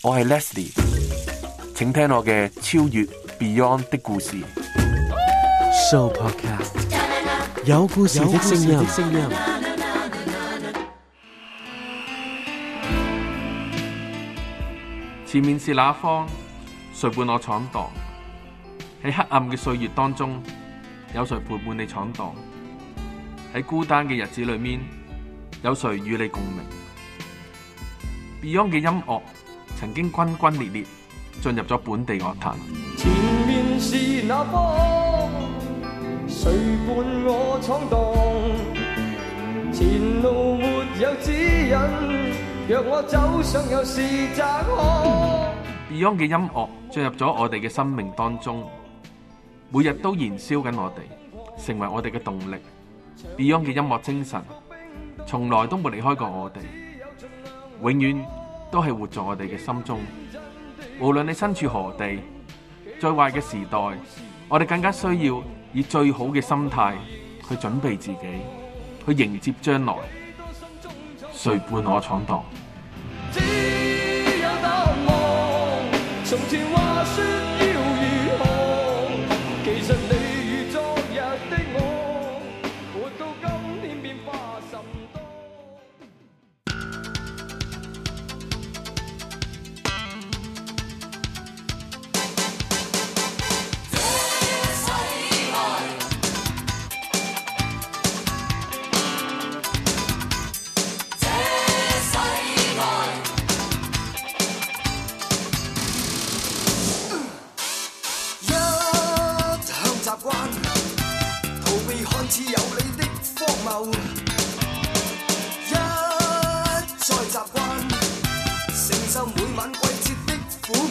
我係 Leslie，請聽我嘅超越 Beyond 的故事。So podcast 有故事，有故事的聲音。前面是哪方？誰伴我闖蕩？喺黑暗嘅歲月當中，有誰陪伴你闖蕩？喺孤單嘅日子裏面，有誰與你共鳴？Beyond 嘅音樂。曾經轟轟烈烈進入咗本地樂壇，Beyond 嘅音樂進入咗我哋嘅生命當中，每日都燃燒緊我哋，成為我哋嘅動力。Beyond 嘅音樂精神從來都冇離開過我哋，永遠。都係活在我哋嘅心中，無論你身處何地，最壞嘅時代，我哋更加需要以最好嘅心態去準備自己，去迎接將來。誰伴我闖蕩？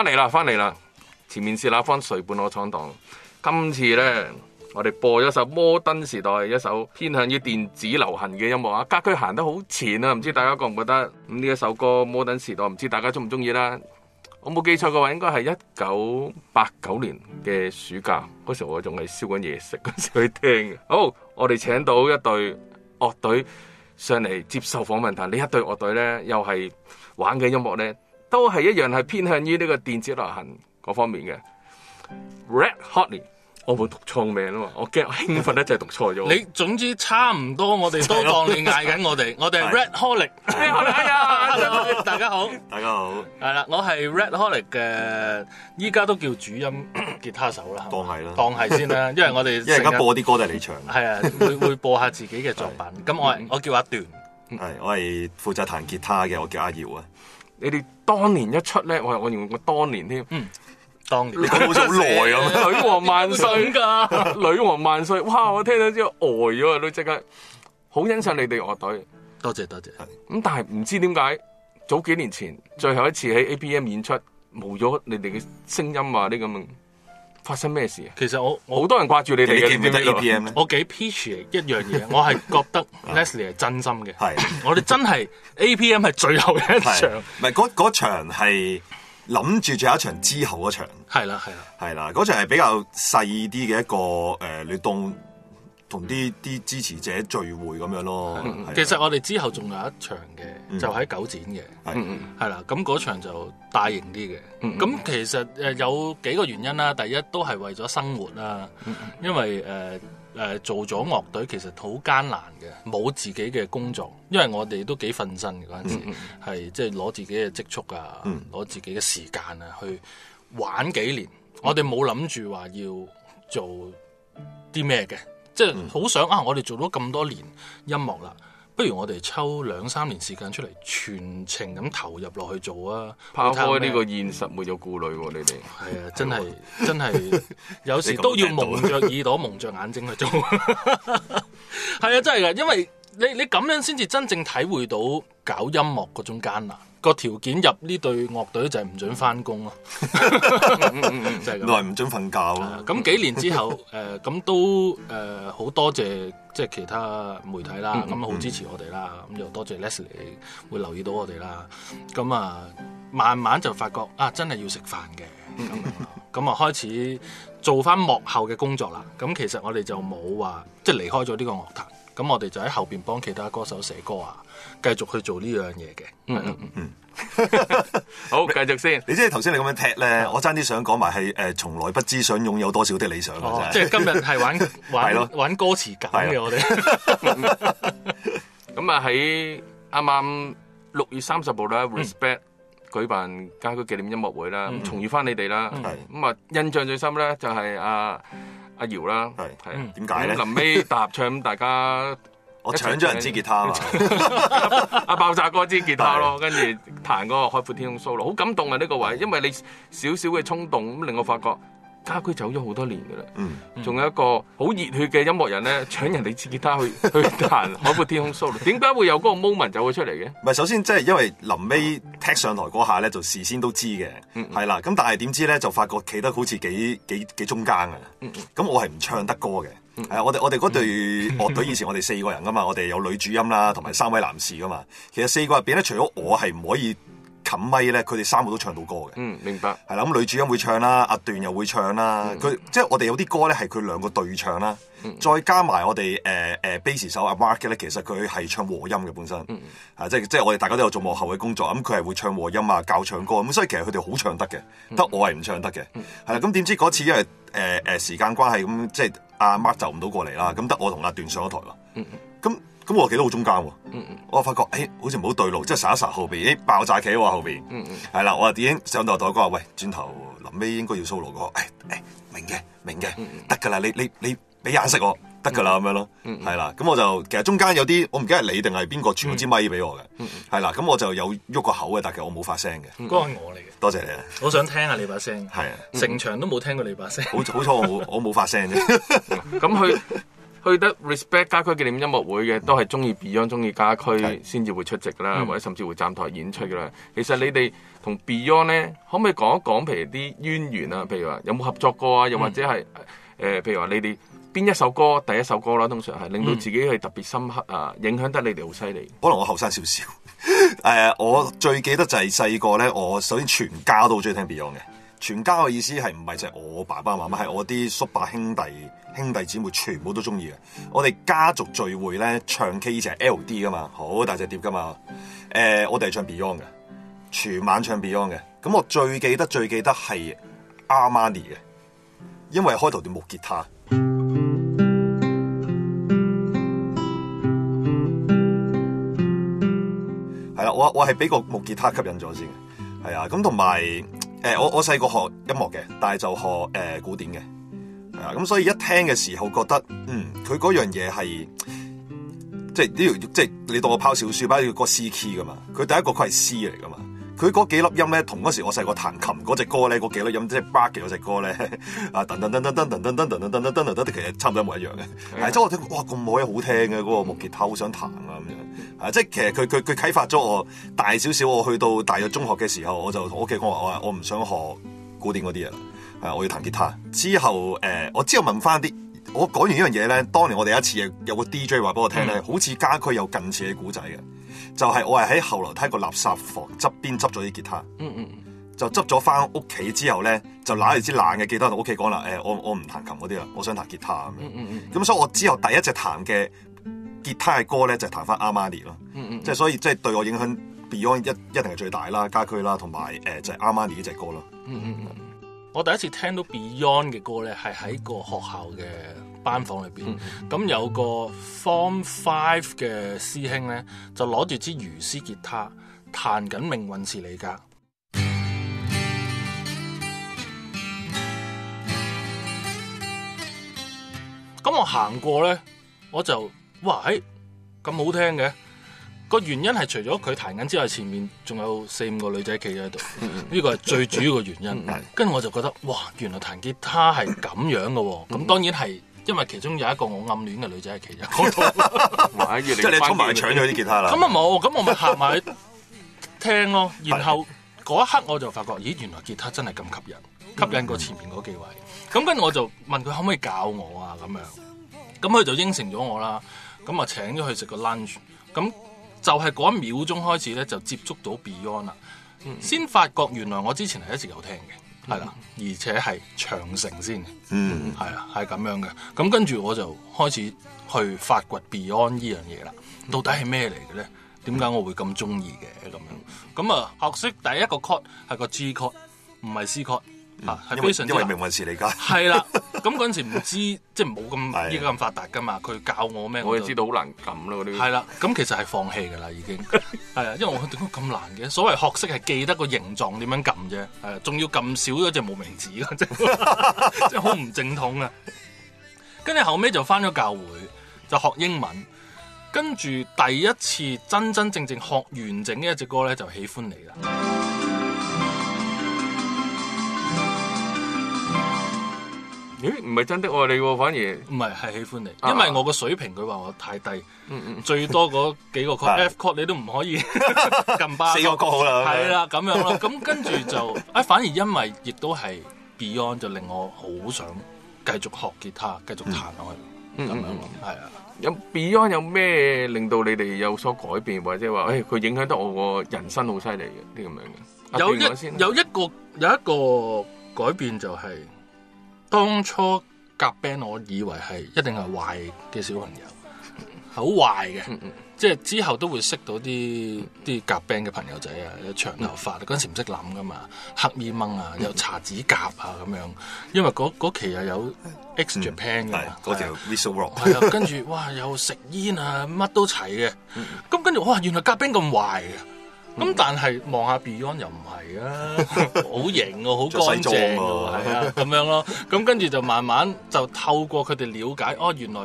翻嚟啦，翻嚟啦！前面是哪方誰伴我闖蕩。今次呢，我哋播咗首摩登時代一首偏向於電子流行嘅音樂啊！家駒行得好前啊，唔知大家覺唔覺得？咁呢一首歌摩登時代，唔知大家中唔中意啦？我冇記錯嘅話，應該係一九八九年嘅暑假嗰時我燒，我仲係燒緊嘢食嗰時去聽。好，我哋請到一隊樂隊上嚟接受訪問，但呢一隊樂隊呢，又係玩嘅音樂呢。都係一樣係偏向於呢個電子流行嗰方面嘅 Red Hotly。我冇讀錯名啊嘛，我驚興奮咧，就係讀錯咗。你總之差唔多，我哋都當你嗌緊我哋， 我哋是 Red Hotly。你 好 Hello, 大家好，大家好。係 啦，我係 Red Hotly 嘅，依家都叫主音吉 他手啦。當係啦， 當係先啦，因為我哋因為而家播啲歌都係你唱。係 啊，會會播下自己嘅作品。咁 我、嗯、我叫阿段，係 我係負責彈吉他嘅，我叫阿耀啊。你哋當年一出咧、哎，我我認為我當年添、嗯，當年好耐啊！女王萬歲㗎，女王萬歲！ 萬歲 哇，我聽到之後呆咗啊，都即刻好欣賞你哋樂隊，多謝多謝。咁、嗯、但係唔知點解早幾年前最後一次喺 APM 演出冇咗你哋嘅聲音啊！啲咁啊～發生咩事啊？其實我好多人掛住你。嘅，你記唔記得 APM？我幾 pitch 一樣嘢。 我係覺得 Leslie 係真心嘅。係 真的，我 哋真係 A P M 係最後一場。唔係嗰場係諗住最後一場之後嗰場。係啦係啦，係啦嗰場係比較細啲嘅一個誒、呃，你當。同啲啲支持者聚會咁樣咯、嗯。其實我哋之後仲有一場嘅，就喺、是、九展嘅，係、嗯、啦。咁嗰場就大型啲嘅。咁、嗯、其實誒有幾個原因啦、啊。第一都係為咗生活啦、啊嗯，因為誒誒、呃呃、做咗樂隊其實好艱難嘅，冇自己嘅工作。因為我哋都幾瞓身的。嗰陣時，係即係攞自己嘅積蓄啊，攞、嗯、自己嘅時間啊去玩幾年。我哋冇諗住話要做啲咩嘅。即係好想、嗯、啊！我哋做咗咁多年音樂啦，不如我哋抽兩三年時間出嚟，全程咁投入落去做啊！拋開呢個現實冇有顧慮喎、啊，你哋係、嗯嗯、啊！真係、啊、真係 有時都要蒙着耳朵、蒙着眼睛去做， 係 啊！真係噶，因為你你咁樣先至真正體會到搞音樂嗰種艱難。個條件入呢隊樂隊就係唔準翻工咯，就係咁耐唔準瞓覺啦，咁幾年之後，誒、 呃，咁都誒好、呃、多謝即係其他媒體啦，咁 好支持我哋啦。咁 又多謝 Leslie 會留意到我哋啦。咁啊，慢慢就發覺啊，真係要食飯嘅。咁咁啊， 開始做翻幕後嘅工作啦。咁其實我哋就冇話即係離開咗呢個樂壇，咁我哋就喺後邊幫其他歌手寫歌啊。繼續去做呢樣嘢嘅，嗯嗯嗯，嗯， 好，繼續先。你即係頭先你咁樣踢咧，嗯、我爭啲想講埋係誒，從來不知想擁有多少的理想嘅、哦哦、 即係今日係玩玩咯，玩，玩歌詞夾嘅我哋。 咁啊喺啱啱六月三十號啦，respect 舉辦家居紀念音樂會啦，嗯、重遇翻你哋啦。咁啊，印象最深咧就係阿阿姚啦，係係點解咧？臨、啊、尾、啊啊、大合唱，大家。我搶咗人支吉他啦！阿、啊、 爆炸哥支吉他咯，跟住彈嗰個海闊天空 solo，好感動啊！呢個位，因為你少少嘅衝動咁，令我發覺家駒走咗好多年噶啦。嗯，仲有一個好熱血嘅音樂人咧，搶人哋支吉他去 去彈海闊天空 solo，點解會有嗰個 moment 走咗出嚟嘅？唔係，首先即係因為臨尾踢上台嗰下咧，就事先都知嘅，係、嗯、啦。咁但係點知咧，就發覺企得好似幾幾幾中間噶啦！咁、嗯、我係唔唱得歌嘅。係、 啊，我哋我哋嗰隊樂隊以前我哋四個人噶嘛， 我哋有女主音啦，同埋三位男士噶嘛。其實四個人入面咧，除咗我係唔可以。冚咪咧，佢哋三個都唱到歌嘅。嗯，明白。係啦，咁、嗯、女主音會唱啦，阿段又會唱啦。佢、嗯、即係我哋有啲歌咧，係佢兩個對唱啦、嗯。再加埋我哋 bass、呃呃、手阿 Mark 咧，其實佢係唱和音嘅本身、嗯嗯。啊，即係即係我哋大家都有做幕後嘅工作。咁佢係會唱和音啊，教唱歌。咁所以其實佢哋好唱得嘅，得我係唔唱得嘅。係、嗯、啦，咁點知嗰次因為誒誒、呃、時間關係，咁即係阿 Mark 就唔到過嚟啦，咁、嗯、得我同阿段上咗台咯。咁、嗯。咁我企到好中間喎，我就發覺誒、哎、好似唔好對路，即係睄一睄後邊，誒、哎、爆炸企喎後邊，係、嗯、啦，我話點應上到台講話，喂，轉頭臨尾應該要 solo 嘅，誒、哎、誒、哎，明嘅明嘅，得噶啦，你你你俾眼色我，得噶啦咁樣咯，係、嗯、啦，咁、嗯、我就其實中間有啲，我唔記得係你定係邊個轉支咪俾我嘅，係、嗯、啦，咁我就有喐個口嘅，但其實我冇發聲嘅，嗰、嗯、係、那個、我嚟嘅，多謝你啊，我想聽下你把聲，係成場都冇聽過你把聲，嗯、 好，好彩我我冇發聲啫，咁 佢。 去得 Respect 家駒紀念音樂會嘅、嗯，都係中意 Beyond，中意家駒先至會出席啦、嗯，或者甚至會站台演出噶啦。其實你哋同 Beyond 咧，可唔可以講一講譬如啲淵源啊？譬如話有冇合作過啊？又或者係誒，譬、嗯呃、如話你哋邊一首歌，第一首歌啦、啊，通常係令到自己係特別深刻啊，影響得你哋好犀利。可能我後生少少，誒、啊，我最記得就係細個咧，我首先全家都好中意聽 Beyond 嘅。全家嘅意思係唔係就係我爸爸媽媽，係我啲叔伯兄弟、兄弟姊妹全部都中意嘅。我哋家族聚會咧，唱 K 就係 L D 噶嘛，好大隻碟噶嘛。誒，我哋係唱 Beyond 嘅，全晚唱 Beyond 嘅。咁我最記得最記得係 Amani 嘅，因為開頭段木吉他。係啦，我我係俾個木吉他吸引咗先嘅，係啊，咁同埋。誒、呃、我我細個學音樂嘅，但係就學誒、呃、古典嘅，啊，咁所以一聽嘅時候覺得，嗯，佢嗰樣嘢係，即係呢條即係你當我拋小樹，拋要個 C key 㗎噶嘛，佢第一個佢係 C 嚟噶嘛。佢嗰幾粒音咧，同嗰時我細個彈琴嗰隻歌咧，嗰幾粒音即係巴嘅嗰隻歌咧，啊，等等等，等等等等等等等等等其實差唔多冇一樣嘅。係即係我聽，哇，咁好嘢好聽嘅嗰、嗰個木吉他，好想彈啊咁樣啊，即係其實佢佢佢啟發咗我大少少。我去到大約中學嘅時候，我就同屋企講話，我我唔想學古典嗰啲嘢啦，啊，我要彈吉他。之後誒、呃，我之後問翻啲。我講完呢樣嘢咧，當年我第一次有個 DJ 話俾我聽咧、嗯，好似家駒有近似嘅古仔嘅，就係、是、我係喺後樓梯個垃圾房側邊執咗啲吉他，就執咗翻屋企之後咧，就揦住支爛嘅吉他同屋企講啦，誒我我唔彈琴嗰啲啦，我想彈吉他咁咁、嗯嗯、所以我之後第一隻彈嘅吉他嘅歌咧就係彈翻阿瑪尼咯，即、嗯、係所以即係對我影響 Beyond 一一定係最大啦，家駒啦，同埋誒就係阿瑪尼呢隻歌咯，嗯嗯嗯我第一次聽到 Beyond 嘅歌咧，係喺個學校嘅班房裏邊。咁、嗯、有個 Form Five 嘅師兄咧，就攞住支魚絲吉他彈緊《命運是你家》。咁、嗯、我行過咧，我就哇咁好聽嘅！個原因係除咗佢彈緊之外，前面仲有四五個女仔企喺度，呢個係最主要嘅原因。跟 住、嗯、我就覺得，哇！原來彈吉他係咁樣嘅喎。咁、嗯嗯、當然係因為其中有一個我暗戀嘅女仔係企咗喺度，即係你衝埋搶咗啲吉他啦。咁啊冇，咁我咪行埋聽咯。然後嗰一刻我就發覺，咦！原來吉他真係咁吸引，吸引過前面嗰幾位。咁跟住我就問佢可唔可以教我啊？咁樣，咁佢就應承咗我啦。咁啊請咗佢食個 lunch，咁。就係、是、嗰一秒鐘開始咧，就接觸到 Beyond 啦、嗯，先發覺原來我之前係一直有聽嘅，係啦、嗯，而且係長城先，嗯，係啊，係咁樣嘅。咁跟住我就開始去發掘 Beyond 呢樣嘢啦。到底係咩嚟嘅咧？點解我會咁中意嘅咁樣？咁啊，學識第一個 chord o 係個 G chord，o 唔係 C chord o。啊、嗯，係非常之，因為命運事嚟噶。係 啦，咁嗰陣時唔知，即係冇咁依家咁發達噶嘛。佢教我咩？我哋知道好難撳咯，呢啲係啦。咁其實係放棄噶啦，已經係啊。因為我點解咁難嘅？所謂學識係記得個形狀點樣撳啫。係仲要撳少咗隻無名指咯，即係好唔正統啊。跟住後尾就返咗教會，就學英文。跟住第一次真真正正學完整嘅一隻歌咧，就喜歡你啦。咦，唔係真的我你喎，反而唔係係喜歡你，因為我個水平佢話我太低，最多嗰幾個 chord，F chord 你都唔可以㩒 bar，四個 chord 啦，係啦咁樣咯。咁跟住就，哎，反而因為亦都係 Beyond 就令我好想繼續學吉他，繼續彈落去，咁樣咯，係啊。有 Beyond 有咩令到你哋有所改變，或者話誒佢影響得我個人生好犀利嘅啲咁樣嘅。有有一有一個有一個改變就係。當初夾 band，我以為係一定係壞嘅小朋友，好壞嘅，即、嗯、係、就是、之後都會識到啲啲夾 band 嘅朋友仔啊，有長頭髮，嗰、嗯、陣時唔識諗噶嘛，黑咪掹啊，又搽指甲啊咁樣，因為嗰期又有 X Japan 嘅，嗰、嗯、條 Visual Rock，係啊， 跟住哇，又食煙啊，乜都齊嘅，咁、嗯、跟住哇，原來夾 band 咁壞嘅。咁、嗯、但係望下 Beyond 又唔係啊，好型喎，好乾淨喎，啊，咁、啊、樣咯、啊。咁跟住就慢慢就透過佢哋了解，哦，原來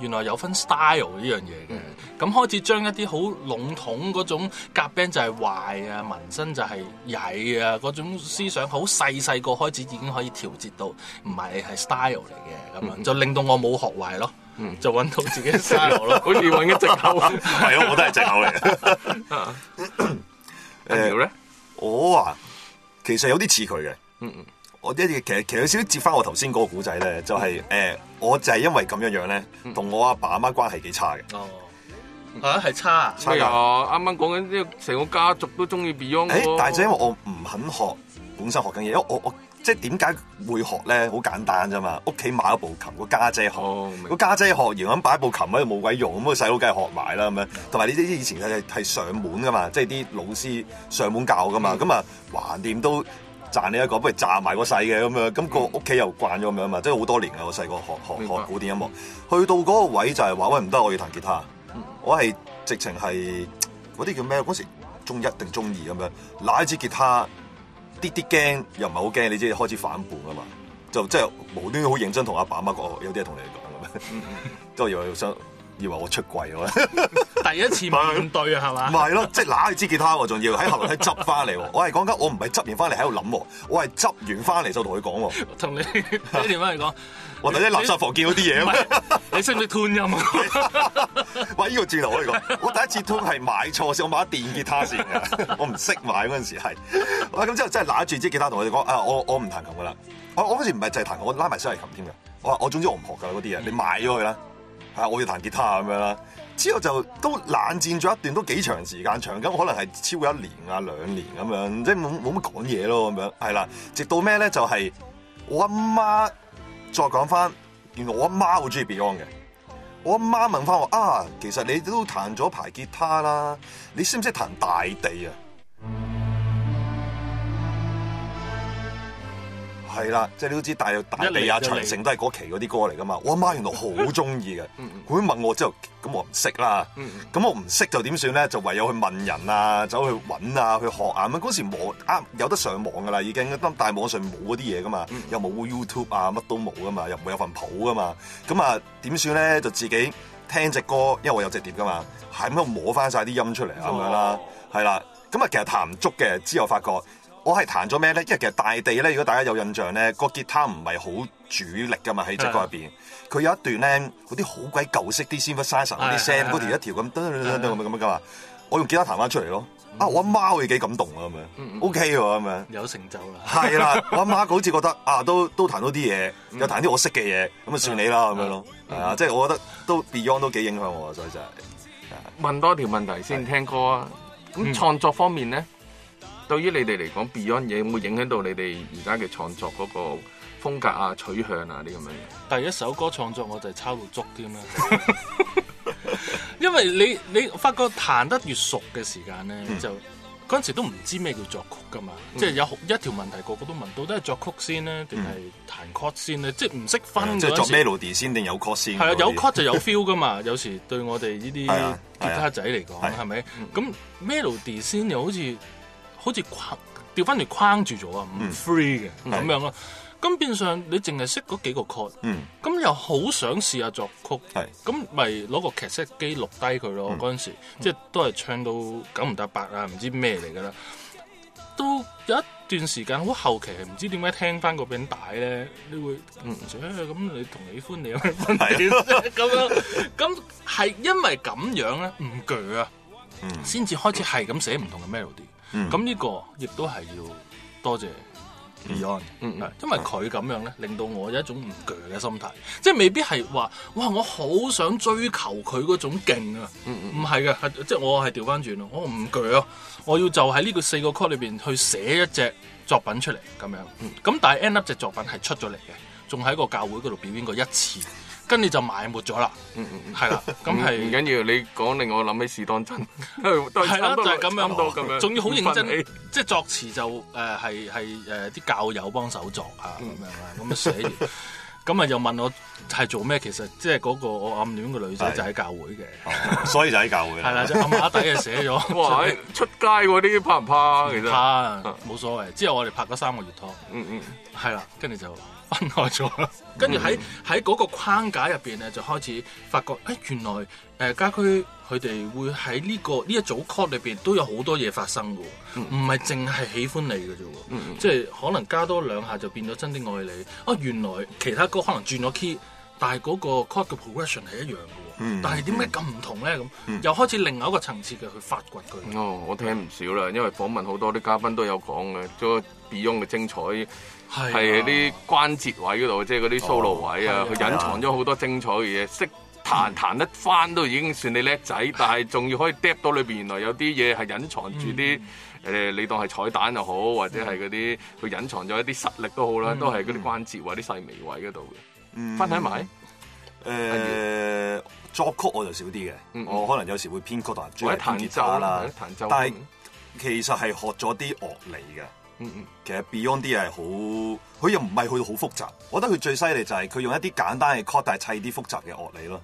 原來有分 style 呢、嗯、樣嘢嘅。咁開始將一啲好籠統嗰種夾 band 就係壞啊，紋身就係曳啊，嗰種思想好細細個開始已經可以調節到，唔係係 style 嚟嘅咁樣、嗯，就令到我冇學壞咯。嗯、就揾到自己的 style 咯，好似揾嘅藉口，係 啊，我都係藉口嚟。 呃、我啊，其實有啲似佢嘅，嗯嗯，我一啲其實其實有少少接翻我頭先嗰個古仔咧，就係、是、誒、嗯呃，我就係因為咁樣樣咧，同、嗯、我阿爸阿媽關係幾差嘅，哦，啊、嗯、係差啊，係啊，啱啱講緊呢個，成個家族都中意 Beyond，誒、欸，但係因為，我唔肯學，本身學緊嘢，因為我我。我即係點解會學咧？好簡單咋嘛？屋企買咗部琴，個家姐學，個、哦、家姐、姐學完咁擺部琴喺度冇鬼用，咁、個細佬梗係學埋啦咁樣。同埋你啲以前係係上門噶嘛，即係啲老師上門教噶嘛。咁、嗯、啊，橫掂都賺你一個，不如賺埋個細嘅咁樣。咁個屋企又慣咗咁樣嘛，即係好多年啊！我細個學學學古典音樂，去到嗰個位就係、是、話喂，唔得，我要彈吉他。嗯、我係直情係嗰啲叫咩？嗰時中一定中二咁樣，拿一支吉他。啲啲驚，又唔係好驚，你知開始反叛啊嘛，就即係、就係、無端好認真同阿爸阿媽講，有啲嘢同你哋講咁樣，都 以為想。以為我出軌喎， 第一次買咁對啊，係 嘛是吧？唔係咯，即係揦住支吉他喎，仲要喺後台執翻嚟。我係講緊我唔係執完翻嚟喺度諗，我係執完翻嚟就同佢講。同你爹哋翻嚟講，我第一 垃圾房見到啲嘢。嘛， 你識唔識吞音？喂，呢個潮流可以講，我第一次吞係買錯先，我買咗電吉他先我唔識買嗰陣時係。喂，咁 之後真係揦住支吉他同佢哋講啊，我我唔彈琴噶啦，我我，我好似唔係就係彈，我拉埋小提琴添嘅。我我總之我唔學噶嗰啲嘢，你買咗佢啦。 係、啊，我要彈吉他咁樣啦。之後就都冷戰咗一段，都幾長時間長，咁可能係超過一年啊兩年咁樣，即係冇冇乜講嘢咯咁樣。係啦，直到咩咧就係、是、我阿媽再講翻，原來我阿媽好中意 Beyond 嘅。我阿媽問翻我啊，其實你都彈咗排吉他啦，你識唔識彈大地啊？係啦，即係你都知，大有大地啊、一理一理一理長城都係嗰期嗰啲歌嚟㗎嘛。我阿媽，媽原來好中意嘅，佢 問我之後，咁我唔識啦。咁、嗯、我唔識就點算咧？就唯有去問人啊，走去揾啊，去學啊。咁嗰時網啊有得上網㗎啦，已經。但係網上冇嗰啲嘢㗎嘛，又冇 YouTube 啊乜都冇㗎嘛，又冇有份譜㗎嘛。咁啊點算咧？就自己聽隻歌，因為我有隻碟㗎嘛，係咁樣摸翻晒啲音出嚟啊，咁樣啦。係啦，咁啊其實彈唔足嘅，之後發覺。我係彈咗咩咧？因為其實大地咧，如果大家有印象咧，個吉他唔係好主力噶嘛喺直歌入邊。佢有一段咧，嗰啲好鬼舊式啲，先不生神啲聲嗰條一條咁，咁樣咁樣噶嘛。我用吉他彈翻出嚟咯、嗯。啊，我阿媽會幾感動啊咁樣。O K 喎咁樣。有成就啦。係啦，我阿媽好似覺得啊，都都彈到啲嘢，又彈啲我識嘅嘢，咁啊算你啦咁樣咯。係啊，即係我覺得都 Beyond 都幾影響我啊，所以就係、是。問多條問題先聽歌啊。咁創作方面咧？嗯對於你哋嚟講，Beyond 嘢有冇影響到你哋而家嘅創作嗰個風格啊、取向啊啲咁樣嘢？第一首歌創作我就係抄到足添啦， 因為你你發覺彈得越熟嘅時間咧、嗯，就嗰陣時都唔知咩叫作曲噶嘛，嗯、即係有一條問題個個都問，到底係作曲先呢？定係彈曲先咧、嗯？即係唔識分。即、嗯、係、就是、作 melody 先定有曲先？係啊，有曲就有 feel 噶嘛。 有時對我哋呢啲吉他仔嚟講係咪？咁、啊啊啊嗯、melody 先又好似。好似框掉翻嚟框住咗啊，唔 free 嘅咁樣咯。咁變相你淨係識嗰幾個 chord，咁、嗯、又好想試下作曲，咁咪攞個卡式機錄低佢咯。嗰、嗯、陣時、嗯、即係都係唱到九唔搭八啊，唔知咩嚟噶啦。都有一段時間好後期，唔知點解聽翻嗰邊帶咧，你會嗯，咁、欸、你同喜歡你有咩問題咯？咁、啊嗯、樣咁係因為咁樣咧，唔鋸啊，先、嗯、至開始係咁寫唔同嘅 melody。咁、嗯、呢個亦都係要多謝 Beyond，嗯，因為佢咁樣咧、嗯，令到我有一種唔鋸嘅心態，即、就、係、是、未必係話哇，我好想追求佢嗰種勁啊，唔係嘅，即、嗯、係、就是、我係調翻轉咯，我唔鋸啊。我要就喺呢個四個曲裏邊去寫一隻作品出嚟咁樣，咁、嗯嗯、但係 end up 隻作品係出咗嚟嘅，仲喺個教會嗰度表演過一次。跟住就埋沒咗啦，係嗯啦嗯，咁係唔緊要。你講令我諗起事當真，係 啦，就係、是、咁樣，咁樣，仲要好認真。即係、就是、作詞就誒，係係誒啲教友幫手作啊，咁、嗯、樣啊，咁、嗯、寫。咁 啊又問我係做咩？其實即係嗰個我暗戀嘅女仔就喺教會嘅、哦，所以就喺教會。係 啦，就暗底啊寫咗。出街啲怕唔怕？、啊、怕？怕，冇所謂。之後我哋拍咗三個月拖。嗯嗯，係啦，跟住就。分開咗啦，跟住喺喺嗰個框架入邊咧，就開始發覺，哎原來誒、呃、家駒佢哋會喺呢、這個呢一組歌裏邊都有好多嘢發生嘅，唔係淨係喜歡你嘅啫、嗯，即係可能加多兩下就變咗真的愛你。啊，原來其他歌可能轉咗 key，但係嗰個歌嘅 progression 係一樣嘅、嗯，但係點解咁唔同咧？咁、嗯、又開始另外一個層次嘅去發掘佢。哦，我聽唔少啦，因為訪問好多啲嘉賓都有講嘅，做 Beyond 嘅精彩。係啲、啊、關節位嗰度，即係嗰啲 solo 位啊，佢、哦、隱、啊、藏咗好多精彩嘅嘢。識彈彈得翻都已經算你叻仔、嗯，但係仲要可以 drop 到裏邊，原來有啲嘢係隱藏住啲誒，你當係彩蛋又好，或者係嗰啲佢隱藏咗一啲實力都好啦、嗯，都係嗰啲關節位啲細、嗯、微位嗰度嘅。翻睇埋，誒作曲我就少啲嘅，我可能有時候會編曲，但係主要彈奏啦，彈奏。但係其實係學咗啲樂理嘅。嗯嗯，其實 Beyond 啲嘢係好，佢又唔係去到好複雜，我覺得佢最犀利就係佢用一啲簡單嘅 chord，但係砌啲複雜嘅樂理咯，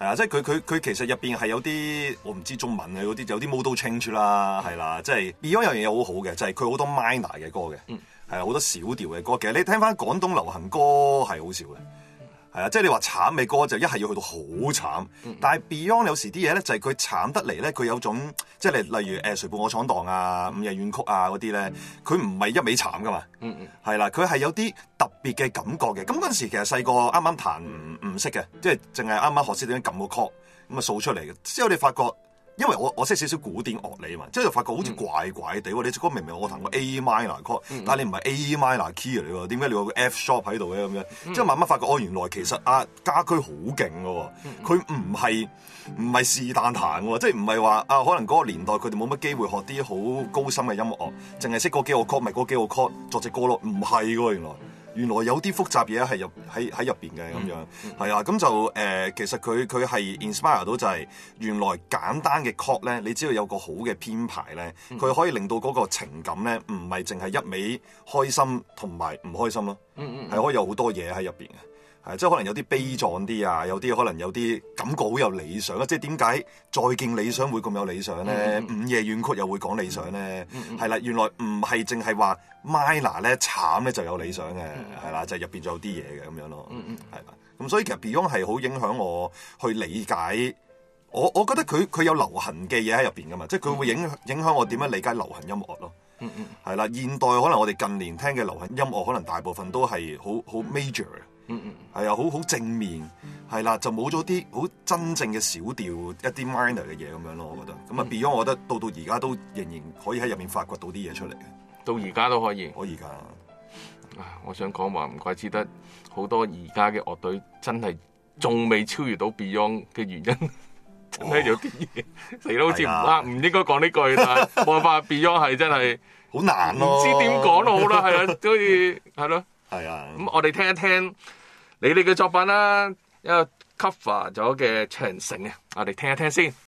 係啊，即係佢佢佢其實入面係有啲我唔知中文嘅嗰啲，有啲 modal change 啦，係啦，即係 Beyond 有樣嘢好好嘅就係佢好多 minor 嘅歌嘅，係好多小調嘅歌嘅，其實你聽翻廣東流行歌係好少嘅。係啊，即係你話慘嘅歌就一係要去到好慘，嗯、但係 Beyond 有時啲嘢咧就係、是、佢慘得嚟咧，佢有種即係例例如誒誰伴我闖蕩啊、午夜怨曲啊嗰啲咧，佢唔係一味慘噶嘛，係、嗯、啦，佢係有啲特別嘅感覺嘅。咁嗰陣時其實細、嗯就是、個啱啱彈唔唔識嘅，即係淨係啱啱學識點樣撳個 chord 咁啊掃出嚟嘅，之後你發覺。因為我我識少少古典樂理嘛，即係就發覺好似怪怪地喎、嗯。你隻歌明明我彈過 A minor chord、嗯、但係你唔係 A minor key 嚟喎。點解你會有個 F sharp 喺度嘅咁樣？即、嗯、係慢慢發覺，嗯、哦原來其實阿、啊、家駒好勁嘅喎，佢唔係唔係是但彈喎，即係唔係話啊可能嗰個年代佢哋冇乜機會學啲好高深嘅音樂，淨係識個幾個 chord 咪嗰幾個 chord 作隻歌咯。唔係喎原來。原來有啲複雜嘢係入喺喺入邊嘅咁樣，係、嗯嗯、啊，咁就誒、呃，其實佢佢係 inspire 到就係、是、原來簡單嘅 core 咧，你只要有個好嘅編排咧，佢可以令到嗰個情感咧，唔係淨係一味開心同埋唔開心咯，係可以有好多嘢喺入邊。嘅。即係可能有啲悲壯啲啊，有啲可能有啲感覺好有理想啊！即係點解再見理想會咁有理想咧？午、mm -hmm. 夜怨曲又會講理想咧？係、mm、啦 -hmm.，原來唔係淨係話 minor 咧慘咧就有理想嘅，係、mm、啦 -hmm.，就入邊就有啲嘢嘅咁樣咯，係啦。咁所以其實 Beyond 係好影響我去理解我，我覺得佢佢有流行嘅嘢喺入邊噶嘛，即係佢會影影響我點樣理解流行音樂咯。嗯係啦，現代可能我哋近年聽嘅流行音樂，可能大部分都係好好 major 嘅。嗯係 啊，好好正面，係啦、啊，就冇咗啲好真正嘅小調，一啲 minor 嘅嘢咁樣咯。我覺得，咁啊 Beyond，我覺得到到而家都仍然可以喺入面發掘到啲嘢出嚟。到而家都可以，可以噶。我想講話唔怪之得好多而家嘅樂隊真係仲未超越到 Beyond 嘅原因，哦哦 的啊、 辦 真有啲嘢，你都好似唔啱，唔應該講呢句，但冇辦法 Beyond 係真係好難咯，唔知點講都好啦，係啊，所以係咯，係啊。咁、嗯、我哋聽一聽。你哋嘅作品啦，一個 cover 咗嘅《長城》啊，我哋聽一聽先。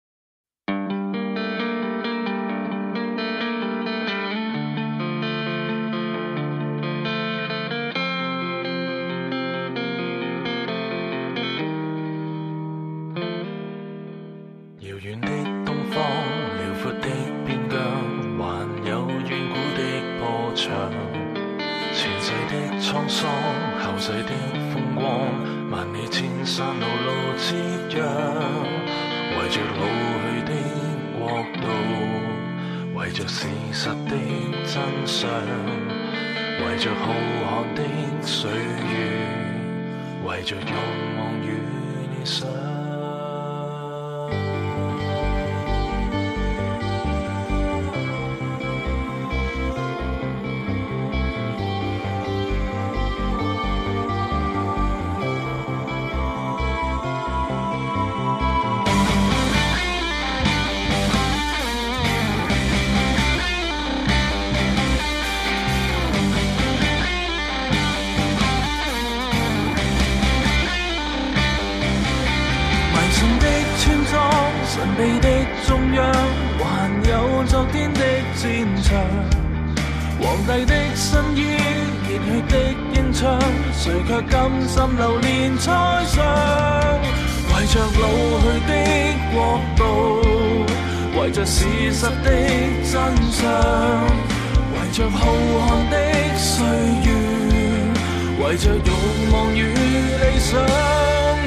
也就有。皇帝的新衣，熱血的英唱，誰卻甘心流連猜想，為着老去的國度，為着事實的真相，為着浩瀚的歲月，為着欲望與理想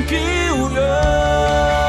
飄揚。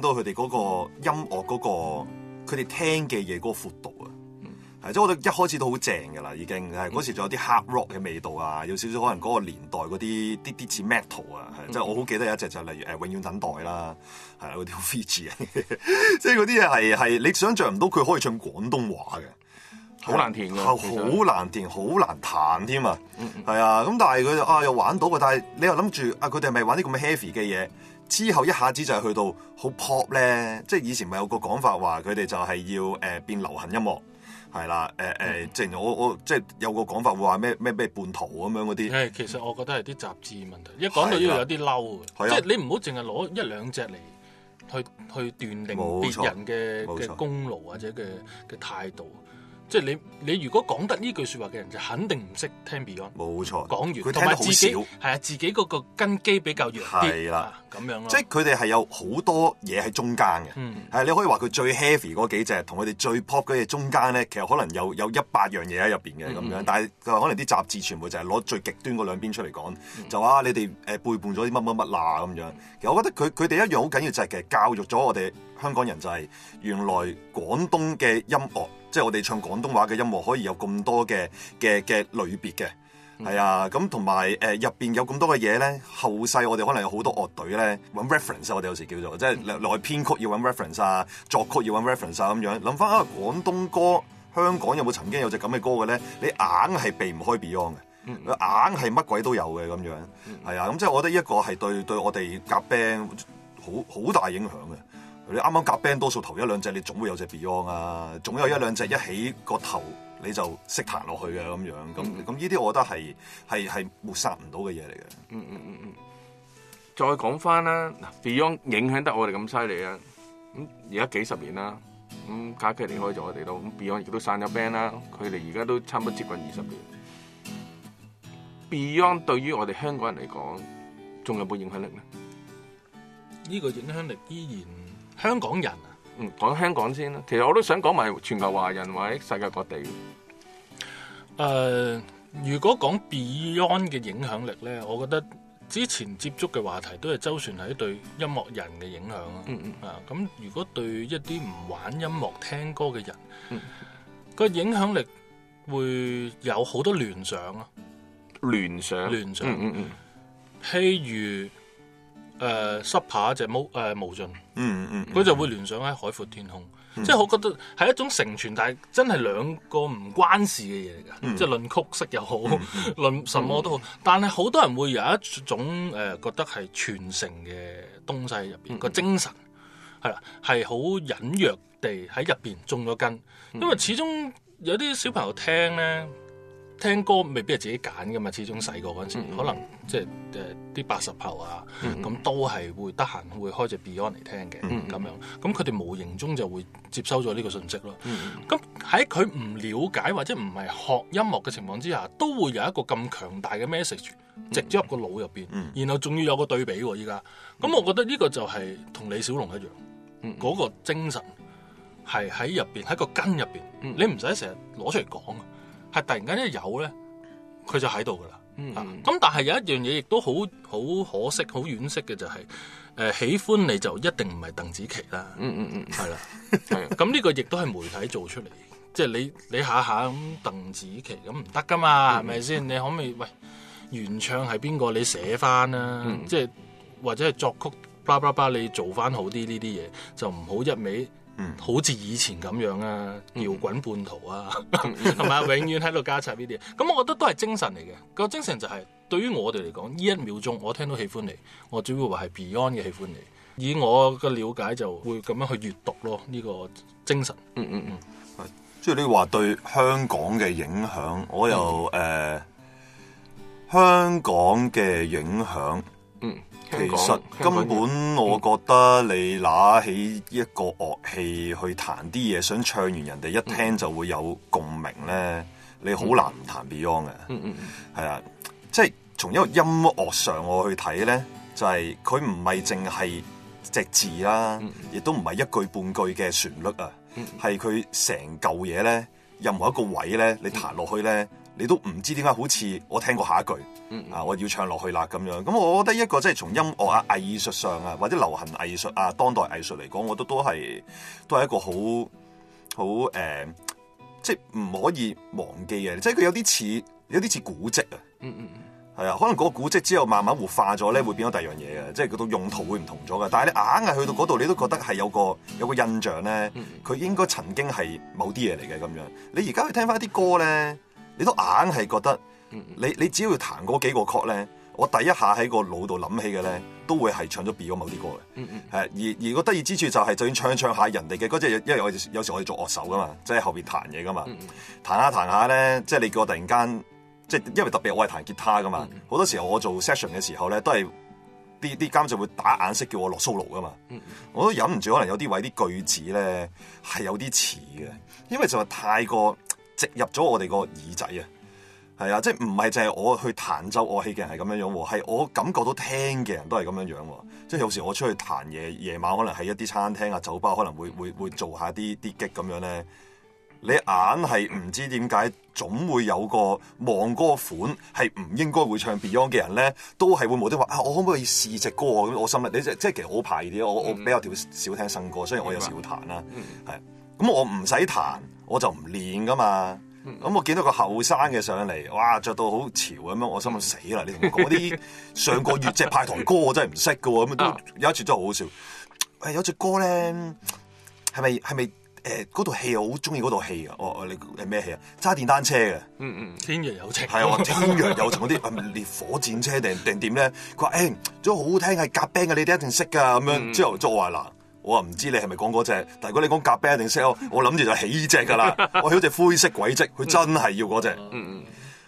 到佢哋嗰個音樂嗰、那個佢哋聽嘅嘢嗰個闊度啊，係即係我覺得一開始都好正噶啦，已經係嗰、嗯、時仲有啲 hard rock 嘅味道啊，有少少可能嗰個年代嗰啲啲啲似 metal 啊，即、嗯、係我好記得有一隻就係例如誒永遠等待啦，係嗰啲好 vintage 即係嗰啲嘢係係你想象唔到佢可以唱廣東話嘅，好難填嘅，好難填好難彈添、嗯嗯、啊，係啊，咁但係佢啊又玩到嘅，但係你又諗住啊佢哋係咪玩啲咁嘅 heavy 嘅嘢？之後一下子就係去到好 pop 咧，即係以前咪有個講法話佢哋就係要誒、呃、變流行音樂，係啦，誒、呃、誒、okay.，即我我即係有個講法會話咩咩咩叛徒咁樣嗰啲。係，其實我覺得係啲雜誌問題，一講到呢度有啲嬲嘅，即係、就是、你唔好淨係攞一兩隻嚟去去斷定別人嘅嘅功勞或者嘅嘅態度。即係你你如果講得呢句說話嘅人就肯定唔識聽 Beyond 冇錯，講完佢聽得好少，係啊、嗯，自己嗰個根基比較弱啲。係啦，咁樣咯。即係佢哋係有好多嘢喺中間嘅、嗯，你可以話佢最 heavy 嗰幾隻，同佢哋最 pop 嗰嘢中間咧，其實可能有有一百樣嘢喺入面嘅咁樣。嗯、但係佢話可能啲雜誌全部就係攞最極端嗰兩邊出嚟講、嗯，就話你哋背叛咗啲乜乜乜啦咁樣、嗯。其實我覺得佢佢哋一樣好緊要就係其實，教育咗我哋。香港人就係原來廣東嘅音樂，即、就、係、是、我哋唱廣東話嘅音樂，可以有咁多嘅嘅嘅類別嘅，係、mm -hmm. 啊。咁同埋誒入邊有咁、呃、多嘅嘢咧，後世我哋可能有好多樂隊咧揾 reference，我哋有時叫做、mm -hmm. 即係來編曲要揾 reference 啊，作曲要揾 reference 啊咁樣。諗翻啊，廣東歌香港有冇曾經有隻咁嘅歌嘅咧？你硬係避唔開 Beyond 嘅，硬係乜鬼都有嘅咁樣，係、mm -hmm. 啊。咁即係我覺得一個係對對我哋夾 band 好好大影響嘅。你啱啱夾 band，多數頭一兩隻，你總會有隻 Beyond 啊，總有一兩隻一起個頭，你就識彈落去嘅咁樣。咁咁呢啲，我覺得係係係抹殺唔到嘅嘢嚟嘅。嗯嗯嗯嗯。再講翻啦，嗱 Beyond 影響得我哋咁犀利啊！咁而家幾十年啦，咁家駒離開咗我哋、嗯、BE 都，Beyond 亦都散咗 band 啦。佢哋而家都差唔多接近二十年。Beyond、嗯嗯嗯、對於我哋香港人嚟講，仲有冇影響力咧？呢、呢個影響力依然。香港人啊，嗯，講香港先啦。其實我都想講埋全球華人或者世界各地。誒，如果講 Beyond 嘅影響力咧，我覺得之前接觸嘅話題都係周旋喺對音樂人嘅影響啊。嗯嗯。啊，咁如果對一啲唔玩音樂、聽歌嘅人，個影響力會有好多聯想啊！聯想，聯想，嗯嗯。譬如誒，Supper 隻毛誒，無盡。嗯嗯，佢、嗯嗯、就會聯想喺海闊天空，嗯、即係我覺得係一種承傳、嗯嗯嗯，但係真係兩個唔關事嘅嘢嚟噶，即係論曲式又好，論什麼都好。但係好多人會有一種誒、呃、覺得係傳承嘅東西入邊、嗯那個精神，係啦，係好隱約地喺入邊種咗根、嗯，因為始終有啲小朋友聽咧聽歌未必係自己揀噶嘛，始終細個嗰陣時、嗯，可能即係誒。呃啲八十後啊，咁、mm -hmm. 都係會得閒會開隻 Beyond 嚟聽嘅，咁、mm -hmm. 樣，咁佢哋無形中就會接收咗呢個信息咯。咁喺佢唔了解或者唔係學音樂嘅情況之下，都會有一個咁強大嘅 message、mm -hmm. 直接入個腦入面，mm -hmm. 然後仲要有個對比依、啊、家。咁我覺得呢個就係同李小龍一樣，嗰、mm -hmm. 個精神係喺入面，喺個根入面。Mm -hmm. 你唔使成日攞出嚟講，係突然間一有咧，佢就喺度噶啦。咁、嗯嗯、但係有一樣嘢亦都好好可惜、好惋惜嘅就係、是，誒、呃、喜歡你就一定唔係鄧紫棋啦，係、嗯、啦，咁、嗯、呢、 嗯嗯、 個亦都係媒體做出嚟，即、就、係、是、你你，你下下咁鄧紫棋咁唔得噶嘛，係咪先？你可唔可以喂原唱係邊個？你寫翻啦，即、就、係、是、或者係作曲叭叭叭，blah blah blah, 你做翻好啲呢啲嘢，就唔好一味。嗯、好似以前咁樣啊，搖滾半途啊，係、嗯、咪 永遠喺度加插呢啲，咁我覺得都係精神嚟嘅。個精神就係對於我哋嚟講，呢一秒鐘我聽到喜歡你，我主要話係 Beyond 嘅喜歡你。以我嘅了解就會咁樣去閲讀咯呢、呢個精神。嗯嗯嗯。係、嗯，即係你話對香港嘅影響，我又誒、嗯呃、香港嘅影響。嗯。嗯其實根本我覺得你拿起一個樂器去彈啲嘢、嗯，想唱完人哋一聽就會有共鳴咧、嗯，你好難唔彈 Beyond 嘅。嗯嗯，係啊、嗯，即係從一個音樂上我去睇咧，就係佢唔係淨係隻字啦，亦都唔係一句半句嘅旋律啊，係佢成嚿嘢咧，任何一個位咧，你彈落去咧。嗯嗯嗯。你都唔知點解好似我聽過下一句啊，嗯嗯我要唱落去啦咁樣。咁我覺得一個即係從音樂啊、藝術上啊，或者流行藝術啊、當代藝術嚟講，我都都係都係一個好好誒，即係唔可以忘記嘅。即係佢有啲似有啲似古蹟啊。嗯嗯係啊，可能嗰個古蹟之後慢慢活化咗咧，會變咗第二樣嘢嘅，即係佢到用途會唔同咗嘅。但係你硬係去到嗰度，你都覺得係有個有個印象咧，佢應該曾經係某啲嘢嚟嘅咁樣。你而家去聽翻啲歌咧。你都硬係覺得你，你你只要彈嗰幾個曲咧，我第一下喺個腦度諗起嘅咧，都會係唱咗 Beyond 某啲歌嘅、嗯嗯。而而個得意之處就係、是、就算唱一唱一下人哋嘅嗰隻，因為我有，有時我哋做樂手噶嘛，即係後面彈嘢噶嘛，彈、嗯嗯、下彈下咧，即係你叫我突然間，即係因為特別我係彈吉他噶嘛，好、嗯嗯、多時候我做 session 嘅時候咧，都係啲啲監就會打眼色叫我落 solo 噶嘛、嗯嗯。我都忍唔住，可能有啲位啲句子咧係有啲似嘅，因為就係太過。植入咗我哋個耳仔啊，係啊，即係唔係淨係我去彈奏樂器嘅人係咁樣樣，係我感覺到聽嘅人都係咁樣樣，即係有時候我出去彈嘢，夜晚可能喺一啲餐廳啊、酒吧，可能會會會做下啲啲擊咁樣咧。你硬係唔知點解總會有個望歌款係唔應該會唱 Beyond 嘅人咧，都係會冇端話啊，我可唔可以試隻歌咁？我心咧，你即係即係其實我排啲，我我比較少少聽新歌，所以我有時會彈啦，係、嗯，咁、嗯、我唔使彈。我就唔練噶嘛，咁、嗯、我見到個後生嘅上嚟，哇着到好潮咁樣，我心諗、嗯、死啦！你同我講啲上個月即係派台歌，我真係唔識嘅咁， 都有一次真係好好笑。誒、呃、有隻歌咧，係咪係咪誒嗰套戲我好中意嗰套戲啊！我、哦、你咩戲啊？揸電單車嘅，嗯嗯，天若有情係啊，天若有情嗰啲啊，烈 火戰車定定點咧？佢話誒，咁、欸、好聽係夾 band a 嘅，你哋一定識噶咁樣、嗯。之後就話啦。我唔知你係咪講嗰隻，但係如果你講夾 band 定 sell，我諗住就起隻㗎啦，我起隻灰色軌跡，佢真係要嗰隻。嗯，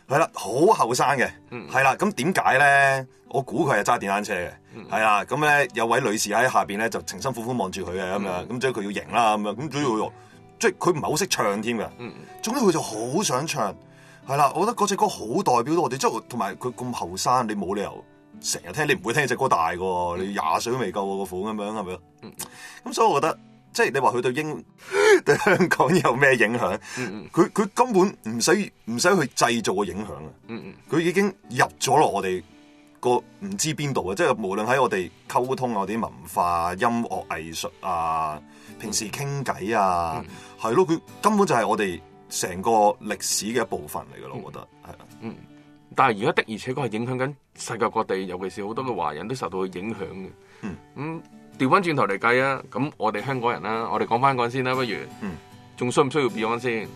係啦，好後後生嘅，係啦，咁點解咧？我估佢係揸電單車嘅，係 啦，咁咧有位女士喺下面咧就情深苦苦望住佢嘅咁樣，咁即係佢要型啦，咁樣，咁主要 即係佢唔係好識唱添㗎，嗯，總之佢就好想唱，係啦，我覺得嗰隻歌好代表到我哋，即係同埋佢咁後生，你冇理由。成日聽你唔會聽隻歌大噶，你廿歲都未夠個款咁樣係咪？咁、嗯、所以我覺得，即係你話佢對英 對香港有咩影響？佢、嗯、佢、嗯、根本唔使唔使去製造個影響啊！佢、嗯嗯、已經入咗落我哋個唔知邊度啊！即、就、係、是、無論喺我哋溝通啊、啲文化、音樂、藝術啊、平時傾偈啊，係、嗯、咯，佢根本就係我哋成個歷史嘅一部分嚟噶咯。我覺得係嗯，嗯，但係而家的而且確係影響緊。世界各地，尤其是好多嘅華人都受到影響嘅。嗯，嗯，咁調翻轉頭嚟計啊，咁我哋香港人啦，我哋講翻講先啦，不如，嗯，仲需唔需要 Beyond 先？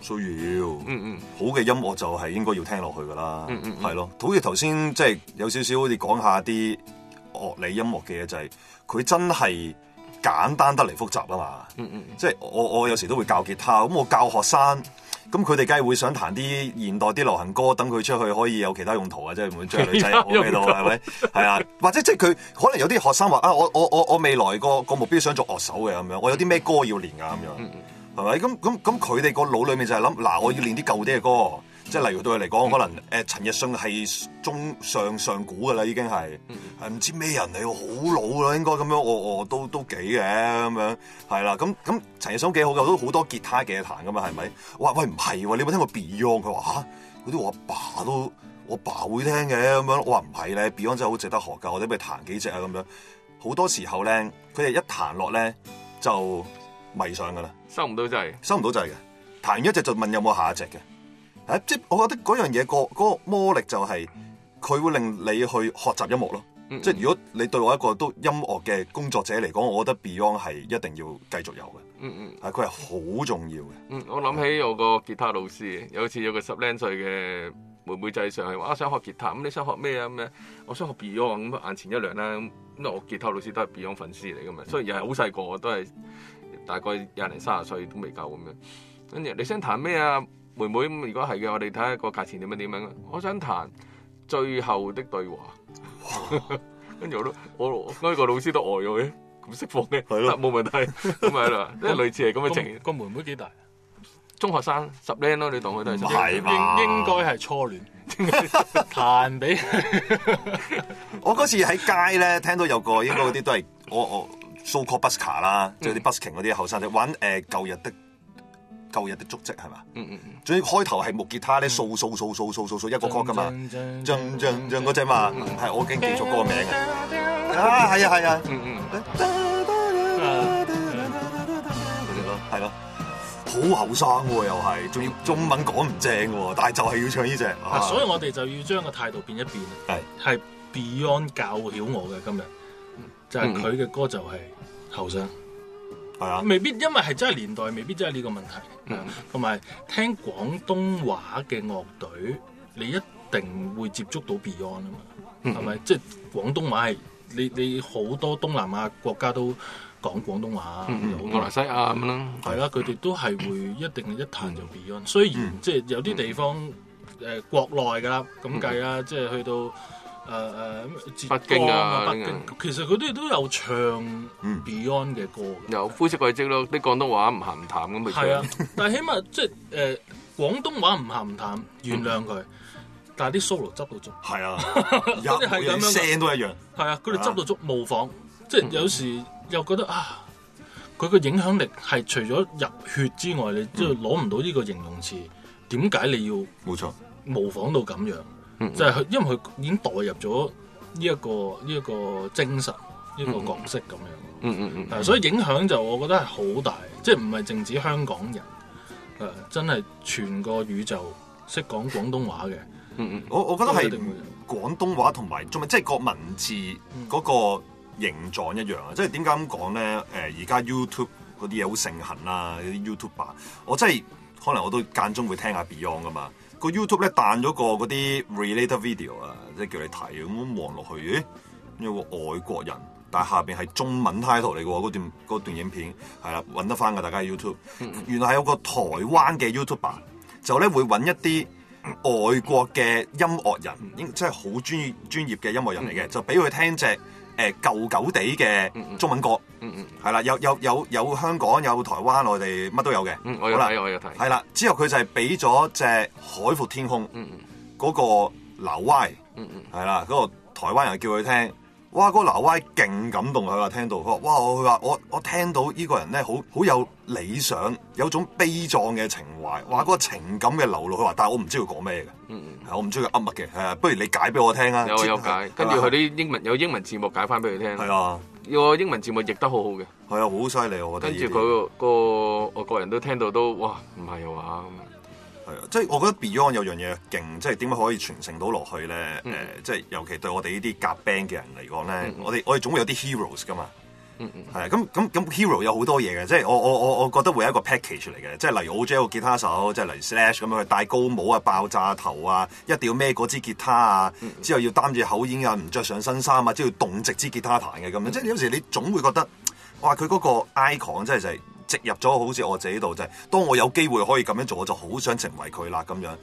需要，嗯嗯，好嘅音樂就係應該要聽落去㗎啦，嗯嗯，嗯，係咯。好似頭先即係有少少，好似講下啲樂理音樂嘅嘢就係、是、佢真係。簡單得嚟複雜啊嘛，嗯嗯，即係我我有時都會教吉他，咁我教學生，咁佢哋梗係會想彈啲現代啲流行歌，等佢出去可以有其他用途啊，其他用途，即係唔會將女仔 OK 到係咪？係啊，或者即係佢可能有啲學生話啊，我我我我未來個個目標想做樂手嘅咁樣，我有啲咩歌要練啊咁樣，係咪？咁咁咁佢哋個腦裡面就係諗，嗱，我要練啲舊啲嘅歌。即係例如對佢嚟講，可能誒、呃、陳奕迅係中上上古嘅啦，已經係唔、嗯、知咩人嚟，好老啦，應該咁樣，我、哦、我、哦哦、都都幾嘅咁樣係啦。咁咁陳奕迅幾好嘅，都好多吉他嘅彈嘅嘛，係咪？我、嗯、喂唔係喎，你有冇聽過 Beyond？佢話嚇，嗰啲我阿爸都我爸會聽嘅咁樣。我話唔係咧，Beyond 真係好值得學噶，我哋咪彈幾隻啊咁樣。好多時候咧，佢哋一彈落咧就迷上嘅啦，收唔到掣、就係，收唔到掣嘅。彈完一隻就問有冇下一隻嘅。即、啊、係我覺得嗰樣嘢、嗰個嗰魔力就係佢會令你去學習音樂咯。即、嗯、係、嗯、如果你對我一個都音樂嘅工作者嚟講，我覺得 Beyond 係一定要繼續有嘅。嗯嗯，係佢係好重要嘅、嗯。我諗起有個吉他老師，有一次有一個十零歲嘅妹妹仔上去話，啊，想學吉他。咁你想學咩啊？咩？我想學 Beyond。咁眼前一亮啦。咁因為我吉他老師都係 Beyond 粉絲嚟嘅嘛。雖然又係好細個，都係大概廿零三十歲都未夠咁樣。跟住你想彈咩啊？妹妹，咁如果係嘅，我哋睇下個價錢點樣點樣。我想彈最後的對話，跟住我都我嗰個老師都呆咗嘅，咁釋放嘅，冇問題咁咪啦，即係類似係咁嘅情形。個妹妹幾大？中學生十零咯，你當佢都係。唔係嘛？應該係初戀。彈俾我嗰次喺街咧，聽到有個應該嗰啲都係我我 so called busker 啦，即係啲 busking 嗰啲後生仔玩誒舊日的，舊日的足跡係咪？嗯嗯、那個、嗯。最開頭係木吉他咧，掃掃掃掃掃掃掃，一個歌㗎嘛，像像像嗰隻嘛，係我已經記住個名嘅。係啊係啊。嗯啊嗯。嗰隻咯，係、嗯、咯、啊。好後生喎，又係，仲要中文講唔正喎，但係就係要唱呢隻、啊。所以我哋就要將個態度變一變。係 Beyond 教曉我嘅今日，就係佢嘅歌就係後生。係啊。未必，因為係真係年代，未必真係呢個問題。同、mm、埋 -hmm. 聽廣東話嘅樂隊，你一定會接觸到 Beyond 啊嘛，係咪？即係廣東話係你你好多東南亞國家都講廣東話啊，馬來西亞咁啦，係啦，佢、mm、哋 -hmm. mm -hmm. 都係會一定一彈就 Beyond、mm。-hmm. 雖然即、就是、有啲地方、mm -hmm. 呃、國內㗎啦咁計啊，即、mm、係 -hmm. 去到。誒、呃、誒、啊，北京啊，北京，其實佢哋都有唱 Beyond 嘅歌的，有、嗯、灰色軌跡咯，啲廣東話唔咸淡咁咪？唱。係啊，嗯、但係起碼即係誒，廣、就是呃、東話唔咸唔淡，原諒佢、嗯。但係啲 solo 執到足，係、嗯、啊，有啲係咁樣，聲都一樣。係啊，佢哋執到足模仿，即係有時又覺得啊，佢個影響力係除咗入血之外，你即係攞唔到呢個形容詞，點解你要冇錯模仿到咁樣？就係、係、佢，因為佢已經代入咗呢一個呢一、呢個精神，呢、呢個角色咁樣。嗯嗯嗯，嗯。所以影響就我覺得係好大，即係唔係淨止香港人，誒、呃，真係全個宇宙識講廣東話嘅。我、嗯、我、嗯、覺得係廣東話同埋，仲咪即係個文字嗰個形狀一樣啊！即係點解咁講咧？誒，而家 YouTube 嗰啲嘢好盛行啦，啲 YouTuber。我真係可能我都間中會聽下 Beyond 噶嘛。YouTube 了個 YouTube 咧彈咗個嗰啲 related video 啊，即係叫你睇，咁望落去，咦，有個外國人，但係下邊係中文 title 嚟嘅喎，嗰段嗰段影片係啦，揾得翻嘅，大家 YouTube，原來係有個台灣嘅 YouTuber，就咧會揾一啲外國嘅音樂人，應即係好專專業嘅音樂人嚟嘅，就俾佢聽隻。誒，舊舊地嘅中文歌，嗯嗯，係啦，有有有有香港有台灣，內地乜都有嘅，嗯，我有我有睇，係啦，之後佢就係俾咗隻海闊天空，嗯嗯，嗰個劉歪，嗯嗯，係啦，嗰個台灣人叫佢聽。哇！嗰個挪威勁感動，佢話聽到，佢話哇！佢話我我聽到呢個人咧，好好有理想，有種悲壯嘅情懷。話、嗯、嗰、那個情感嘅流露，佢話，但係我唔知佢講咩嘅，係、嗯、我唔知佢噏乜嘅。係啊，不如你解俾我聽啊！有有解，跟住佢啲英文有英文字幕解翻俾佢聽。係啊，個英文字幕譯得很好好嘅。係啊，好犀利！我覺得。跟住佢個個我個人都聽到都哇，唔係話。即係我覺得 Beyond 有樣嘢勁，即係點解可以傳承到落去咧？誒、mm -hmm. 呃，即係尤其對我哋呢啲夾 band 嘅人嚟講咧，我哋我哋總會有啲 heroes 噶嘛。嗯，咁咁咁 hero 有好多嘢嘅，即係我我我我覺得會有一個 package 嚟嘅。即係例如我好中意嗰吉他手，即係例如 Slash 咁樣去戴高帽啊、爆炸頭啊，一定要孭嗰支吉他啊，之後要擔住口煙啊，唔着上身衫啊，之後動直支吉他彈嘅咁樣。Mm -hmm. 即係有時你總會覺得，哇！佢嗰個 icon 真係就係。植入咗好似我自己度就係、是，當我有機會可以咁樣做，我就好想成為佢啦咁樣。咁、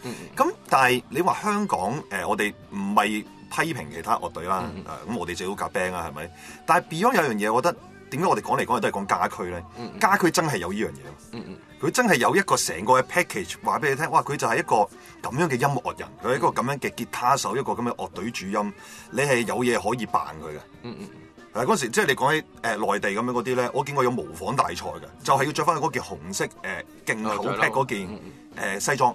嗯、但係你話香港、呃、我哋唔係批評其他樂隊啦，咁、嗯嗯呃、我哋最好夾 band 啦，係咪？但係 Beyond 有樣嘢，我覺得點解我哋講嚟講去都係講家居咧、嗯？家居真係有呢樣嘢咯。佢、嗯、真係有一個成個嘅 package，話俾你聽，哇！佢就係一個咁樣嘅音樂、樂人，佢係一個咁樣嘅吉他手，嗯、一個咁嘅樂隊主音，你係有嘢可以扮佢嘅。嗯嗯嗱嗰時即係你講起、呃、內地咁樣嗰啲呢，我見過有模仿大賽嘅、嗯，就係、是、要著翻嗰件紅色誒、呃、勁厚劈嗰件、嗯嗯呃、西裝，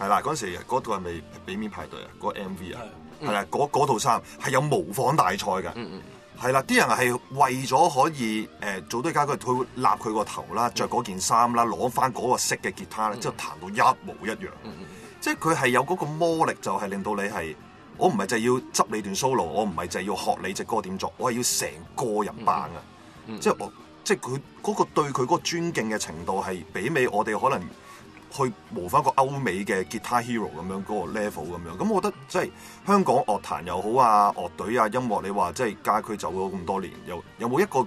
係嗰陣時嗰套係咪俾面派對啊？嗰、那個、M V 啊，係啦嗰嗰套衫係有模仿大賽嘅，係啦啲人係為咗可以誒做多啲假，佢、呃、會立佢個頭啦，著嗰件衫啦，攞返嗰個色嘅吉他咧，之後彈到一模一樣，嗯嗯嗯、即係佢係有嗰個魔力，就係令到你係。我唔係就係要執你段 solo，我唔係就係要學你隻歌點做，我係要成個人扮啊！即、嗯、係、嗯就是、我，即係佢嗰個對佢嗰個尊敬嘅程度係媲美我哋可能去模仿一個歐美嘅吉他 hero 咁樣嗰、那個 level 咁樣。咁我覺得即係、就是、香港樂壇又好啊樂隊啊、音樂，你話即係街區走咗咁多年，有有冇一個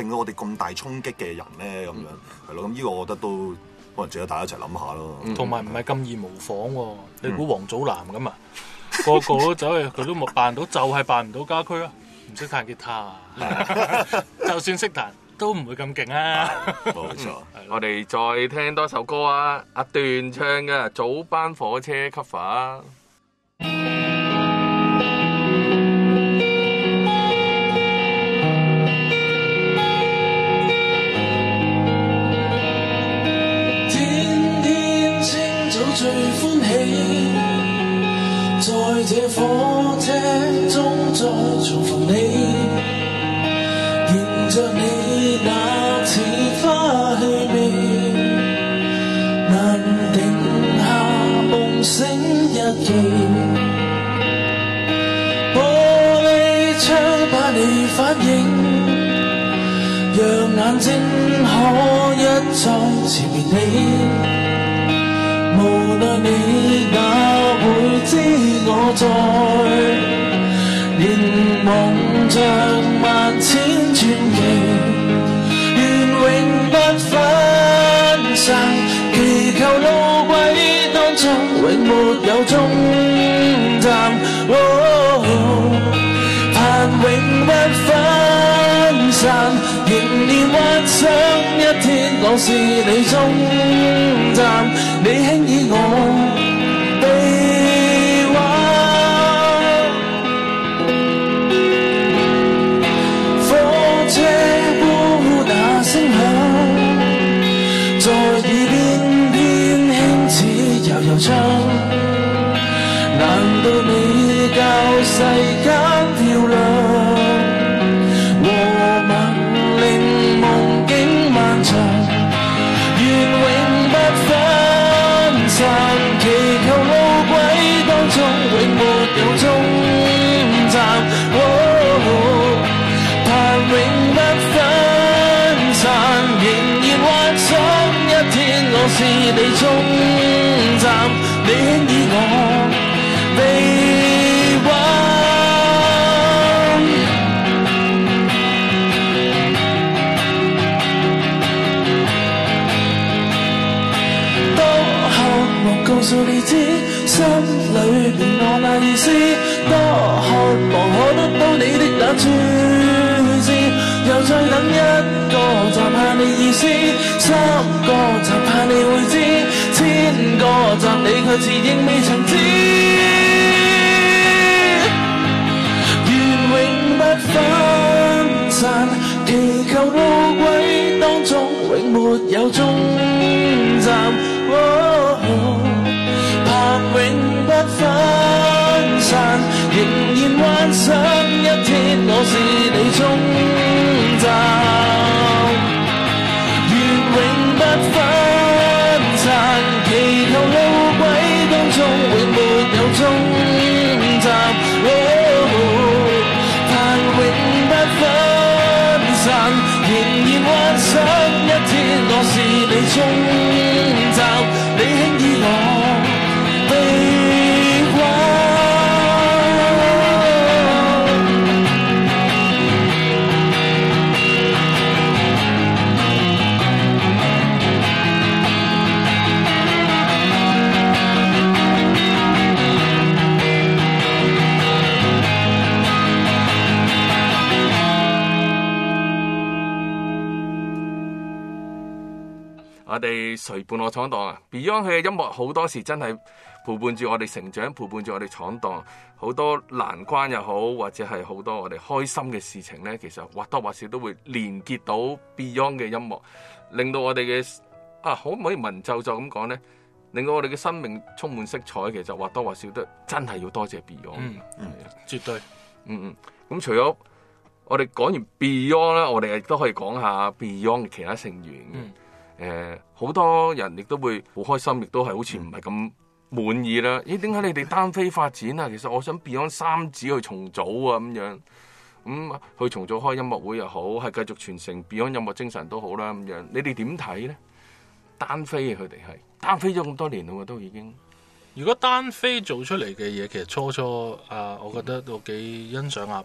令到我哋咁大衝擊嘅人咧？咁樣係咯，咁、嗯、呢個我覺得都可能值得大家一齊諗下咯。同埋唔係咁易模仿喎、啊，你估王祖藍咁啊？嗯 個個都走去，佢都冇扮到，就係扮唔到家居啊。唔識彈吉他啊， 就算識彈都唔會咁勁啊 錯。冇、嗯、錯，我哋再聽多首歌啊，阿段唱嘅早班火車 cover 這火車中再重逢你，迎着你那似花氣味，難定下夢醒日期。玻璃窗把你反映，讓眼睛可一再纏綿你。無奈你哪會知我在凝望着萬千傳奇，願永不分散，祈求路軌當中永沒有終站。一天，我是你終站，你輕倚我。三個就怕你會知；千個站，你卻自認未曾知。願永不分散，祈求路軌當中永沒有終站。怕、哦哦、永不分散，仍然幻想一天我是你終站。仍然幻想一天落，我是你宗教你輕於我。我哋誰伴我闖蕩啊！Beyond 佢嘅音樂好多時真係陪伴住我哋成長，陪伴住我哋闖蕩，好多難關又好，或者係好多我哋開心嘅事情咧。其實或多或少都會連結到 Beyond 嘅音樂，令到我哋嘅啊，可唔可以文縐縐咁講咧？令到我哋嘅生命充滿色彩。其實或多或少都真係要多謝 Beyond 嗯。嗯，絕對。嗯嗯。咁除咗我哋講完 Beyond 啦，我哋亦都可以講下 Beyond 嘅其他成員。嗯誒、呃，好多人亦都會好開心，亦都係好似唔係咁滿意啦。咦，點解你哋單飛發展啊？其實我想 Beyond 三子去重組啊，咁樣咁、嗯、去重組開音樂會又好，係繼續傳承 Beyond 音樂精神都好啦，咁樣你哋點睇咧？單飛啊，佢哋係單飛咗咁多年啦喎，都已經。如果單飛做出嚟嘅嘢，其實初初啊、呃，我覺得都幾欣賞啊。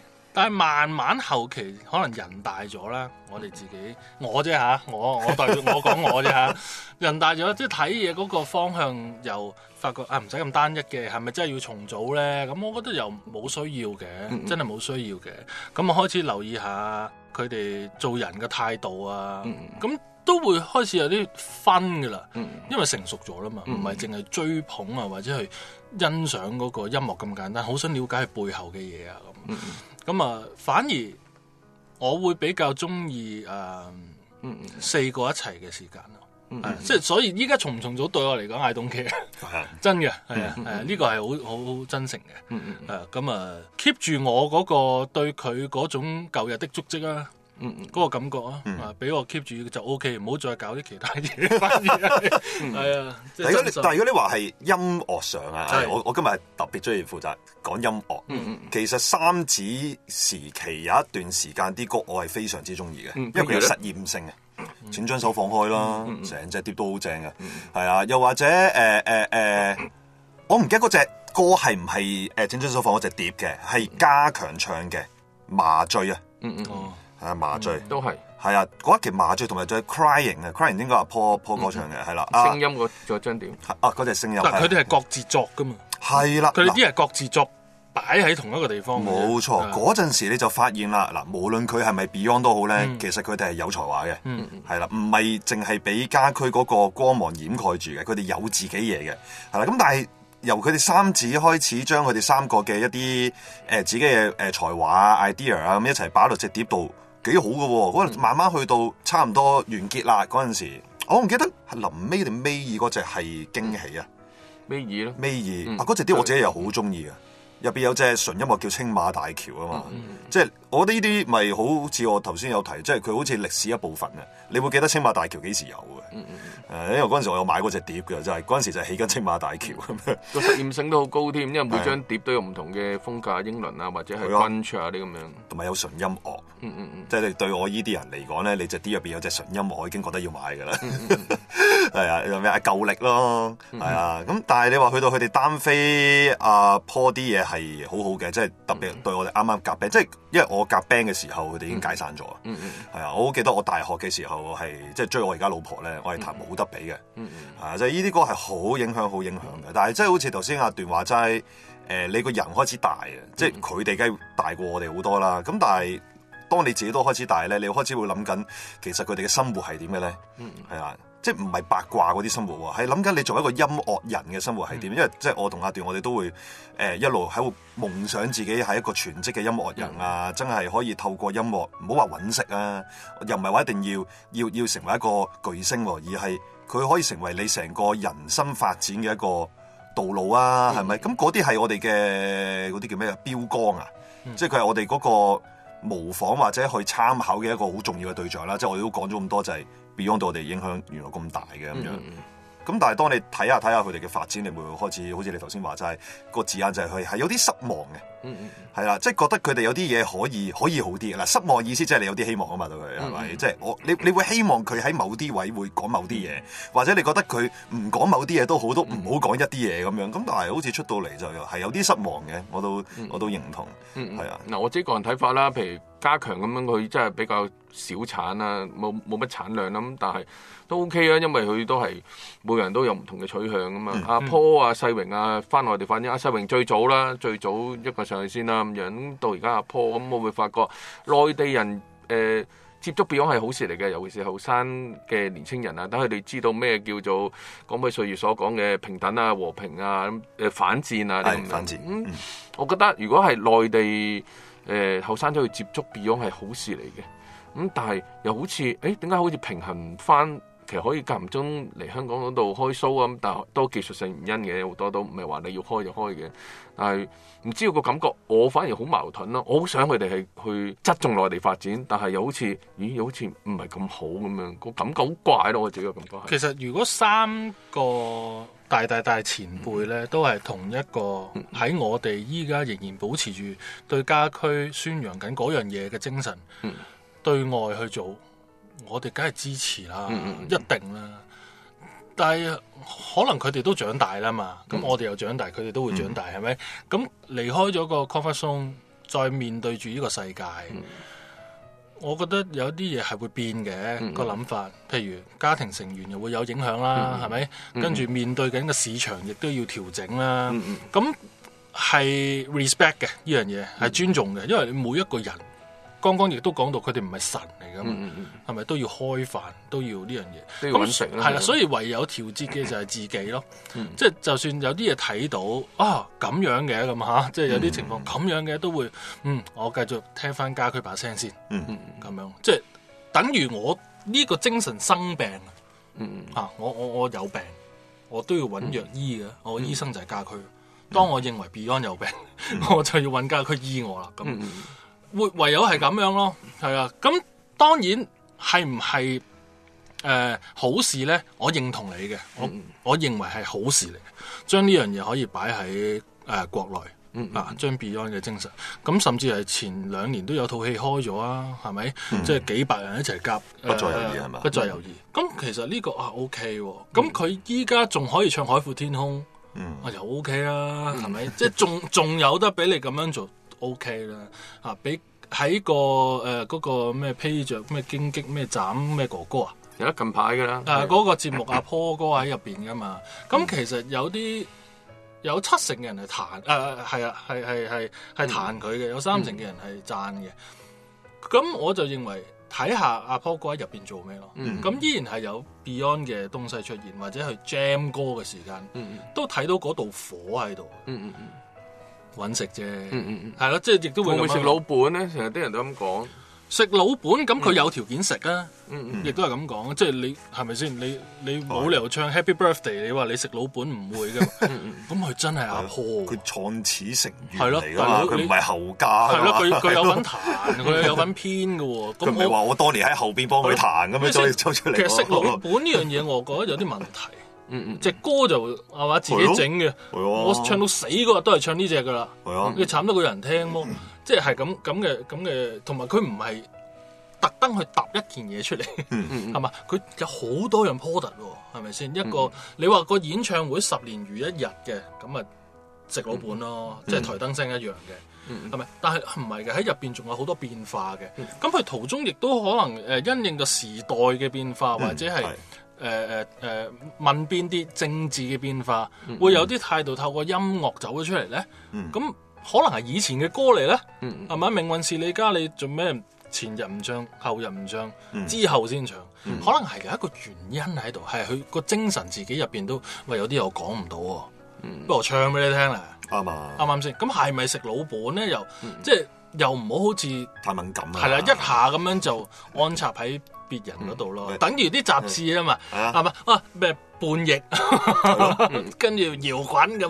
但係慢慢後期可能人大咗啦，我哋自己我啫吓，我我代表我講我啫吓。 人大咗即係睇嘢嗰個方向又發覺啊，唔使咁單一嘅，係咪真係要重組咧？咁我覺得又冇需要嘅、嗯嗯，真係冇需要嘅。咁我開始留意下佢哋做人嘅態度啊，咁、嗯嗯、都會開始有啲分噶啦。因為成熟咗啦嘛，唔係淨係追捧啊，或者去欣賞嗰個音樂咁簡單，好想了解佢背後嘅嘢啊咁。咁啊，反而我會比較中意誒，四個一齊嘅時間咯，即、嗯、係、嗯、所以依家重唔重組對我嚟講嗌東劇，care, 嗯、 真嘅係啊，呢、嗯嗯 呢個係好好,好真誠嘅，誒、嗯、咁、嗯、啊 keep 住我嗰個對佢嗰種舊日的足跡啊。嗯，嗰個感覺啊，啊，俾我 keep 住就 OK，唔好再搞啲其他嘢。係啊，但如果你但如果你話係音樂上啊，我我今日特別中意負責講音樂。其實三子時期有一段時間啲歌我係非常之中意嘅，因為佢有實驗性嘅。《請將手放開》啦，成隻碟都好正嘅，係啊。又或者誒誒誒，我唔記得嗰隻歌係唔係誒《請將手放開》嗰隻碟嘅，係加強唱嘅麻醉啊。嗯嗯。係、啊、麻醉，嗯、都係係啊！嗰一期麻醉同埋再 Crying 嘅、嗯、Crying 應該係破破歌唱嘅係啦，聲音嗰嗰張碟啊，嗰隻聲音，但佢哋係各自作噶嘛，係啦、啊，佢哋啲係各自作、嗯、擺喺同一個地方，冇錯。嗰陣、啊、時你就發現啦，嗱，無論佢係咪 Beyond 都好咧、嗯，其實佢哋係有才華嘅，係、嗯、啦，唔係淨係俾家駒嗰個光芒掩蓋住嘅，佢哋有自己嘢嘅係啦。咁、啊、但係由佢哋三子開始將佢哋三個嘅一啲、呃、自己嘅、呃、才華 idea 啊咁一齊擺落隻碟度。幾好嘅喎，嗰慢慢去到差唔多完結啦，嗰、嗯、陣時我唔記得係臨尾定尾二嗰隻係驚喜啊，尾二咯，尾二、嗯、啊嗰隻啲我自己又好中意嘅。入邊有隻純音樂叫青馬大橋啊嘛、嗯，即、嗯、係、就是、我覺得呢啲咪好似我頭先有提，即係佢好似歷史一部分啊。你會記得青馬大橋幾時有？嘅、嗯，誒、嗯，因為嗰陣時我有買過隻碟嘅，就係嗰陣時就係起緊青馬大橋咁、嗯。個、嗯嗯、 實驗性都好高添，因為每張碟都有唔同嘅風格，英倫啊，或者係勻場啲咁樣，同埋有純音樂，即、嗯、係、嗯就是、對我依啲人嚟講咧，你隻碟入邊有隻純音樂，我已經覺得要買㗎啦、嗯。係、嗯、啊，咩、嗯、啊？夠 力咯，係啊，咁、嗯嗯、但係你話去到佢哋單飛啊，破啲嘢。係好好嘅，即係特別對我哋啱啱夾 band，即係因為我夾 band 嘅時候，佢哋已經解散咗。嗯嗯，係啊，我好記得我大學嘅時候，係即係追我而家老婆咧，我係彈冇得比嘅。嗯嗯，啊就係呢啲歌係好影響、好影響嘅、嗯。但係即係好似頭先阿段話齋，誒、嗯呃、你個人開始大啊，即係佢哋梗係大過我哋好多啦。咁但係當你自己都開始大咧，你開始會諗緊，其實佢哋嘅生活係點嘅咧？嗯，係、嗯、啊。即係唔係八卦嗰啲生活喎，係諗緊你做一個音樂人嘅生活係點？嗯、因為即係我同阿段，我哋都會誒、呃、一路喺度夢想自己係一個全職嘅音樂人啊！嗯、真係可以透過音樂，唔好話搵食啊，又唔係話一定要要要成為一個巨星、啊，而係佢可以成為你成個人生發展嘅一個道路啊？係咪？咁嗰啲係我哋嘅嗰啲叫咩？標杆啊！嗯、即係佢係我哋嗰個模仿或者去參考嘅一個好重要嘅對象啦、啊。即係我哋都講咗咁多就係、是。Beyond 對我哋影響原來咁大嘅咁樣，咁、mm -hmm. 但係當你睇下睇下佢哋嘅發展，你會唔會開始好似你頭先話齋，個字眼就係佢係有啲失望嘅？嗯嗯，係啦，即係覺得佢哋有啲嘢可以可以好啲嘅。失望意思即係你有啲希望啊嘛對，對佢係咪？即係我你你會希望佢喺某啲位會講某啲嘢，嗯嗯或者你覺得佢唔講某啲嘢都好，都唔好講一啲嘢咁樣。咁但係好似出到嚟就係有啲失望嘅，我都我都認同係啊。嗱、嗯嗯嗯嗯，我自己個人睇法啦，譬如加強咁樣，佢真係比較少產啦、啊，冇冇乜產量啦。但係都 OK 啊，因為佢都係每個人都有唔同嘅取向啊嘛、嗯。阿坡、嗯、啊，阿世榮啊，翻內地發展。阿世榮最早啦，最早一個。上去先啦咁樣，到而家阿坡，咁我會發覺內地人誒、呃、接觸 Beyond 係好事嚟嘅，尤其是後生嘅年青人啊，等佢哋知道咩叫做光輝歲月所講嘅平等啊、和平啊、咁誒反戰啊，反戰。咁、嗯嗯、我覺得如果係內地誒後生都去接觸 Beyond 係好事嚟嘅，咁、嗯、但係又好似誒點解好似平衡翻？其實可以間唔中嚟香港嗰度開 show 啊，但都技術性原因嘅好多都唔係話你要開就開嘅。但係唔知道個感覺，我反而好矛盾咯。我好想佢哋係去側重內地發展，但係又好似咦好似唔係咁好咁樣，個感覺好怪咯。我自己嘅感覺係。其實如果三個大大大前輩咧，嗯、都係同一個喺我哋依家仍然保持住對家居宣揚緊嗰樣嘢嘅精神，嗯、對外去做。我哋梗係支持啦，嗯嗯，一定啦。但係可能佢哋都長大啦嘛，咁、嗯、我哋又長大，佢哋都會長大，係、嗯、咪？咁離開咗個 comfort zone，再面對住呢個世界、嗯，我覺得有啲嘢係會變嘅，嗯個諗法。譬如家庭成員又會有影響啦，係、嗯、咪？跟住面對緊嘅市場亦都要調整啦。咁、嗯、係、嗯、respect 嘅呢樣嘢，係、嗯、尊重嘅，因為你每一個人。剛剛亦都講到他們不是神，佢哋唔係神嚟噶嘛，係、嗯、咪都要開飯，都要呢樣嘢，都要揾食啦。係、嗯、啦，所以唯有調節嘅就係自己咯。嗯、即係就算有啲嘢睇到啊咁樣嘅咁嚇，即係有啲情況咁、嗯、樣嘅都會，嗯，我繼續聽翻家居把聲先。嗯嗯，咁樣即係等於我呢個精神生病啊。嗯嗯，啊，我我我有病，我都要揾藥醫嘅、嗯。我醫生就係家居、嗯。當我認為 Beyond 有病，嗯、 我就要揾家居醫我啦。咁。嗯嗯會唯有係咁樣咯，係、嗯、啊，咁當然係唔係誒好事咧？我認同你嘅、嗯，我我認為係好事嚟嘅，將呢樣嘢可以擺喺誒國內，嗯將、嗯啊、Beyond 嘅精神，咁甚至係前兩年都有套戲開咗啊，係咪？即、嗯、係、就是、幾百人一齊夾、呃，不再猶豫係嘛？不再猶豫，咁、嗯、其實呢個啊 OK，咁佢依家仲可以唱《海闊天空》，嗯啊就 OK 啦，係咪？即係仲仲有得俾你咁樣做。O K 啦，啊，比喺個誒嗰、呃，那個咩披着咩荊棘咩斬咩哥哥啊，有得近排噶啦，啊嗰、那個節目阿坡哥喺入邊噶嘛，咁 其實有啲有七成嘅人係彈誒係啊係系係係彈佢嘅，有三成嘅人係讚嘅，咁、嗯、我就認為睇下阿坡哥喺入邊做咩咯，咁、嗯、依然係有 Beyond 嘅東西出現，或者去 Jam 歌嘅時間、嗯，都睇到嗰度火喺度，嗯搵食啫，係、嗯、咯，即係亦都會唔會食老本咧。成日啲人都咁講，食老本咁佢有條件食啊。亦都係咁講，即係你係咪先？你你冇理由唱 Happy Birthday，你話你食老本唔會嘅。嘛、嗯。咁、嗯、佢、嗯、真係阿婆、啊，佢、啊、創始成員嚟噶佢唔係後家嘛，係咯。佢佢有份彈，佢 有份編㗎喎。佢冇話我多年喺後邊幫佢彈咁樣，再抽出嚟。其實食老本呢樣嘢，我覺得有啲問題。 隻、嗯嗯、歌就係嘛自己整嘅，我唱到死嗰日都係唱呢隻噶啦，你慘到個人聽咯，即係咁咁嘅咁嘅，同埋佢唔係特登去搭一件嘢出嚟，係、嗯、嘛？佢、嗯、有好多樣 product 喎，係咪先？一個、嗯、你話個演唱會十年如一日嘅，咁啊食老本咯、嗯，即係台燈聲一樣嘅，係、嗯、咪？但係唔係嘅，喺入邊仲有好多變化嘅。咁、嗯、佢途中亦都可能誒因應個時代嘅變化，或者係、嗯。是誒誒誒問邊啲政治嘅變化、嗯、會有啲態度透過音樂走咗出嚟咧？咁、嗯、可能係以前嘅歌嚟咧，係、嗯、咪？命運是你家你做咩前日唔唱後日唔唱、嗯，之後先唱、嗯？可能係有、嗯、一個原因喺度，係佢個精神自己入面都喂有啲我講唔到喎，不如我唱俾你聽啦，啱啱唔啱先？咁係咪食老本咧？又、嗯、即係又唔好好似太敏感啊？係啦，一下咁樣就安插喺。別人嗰度咯，等於啲雜誌啊嘛，係、嗯、嘛？哇咩叛逆，跟住搖滾咁。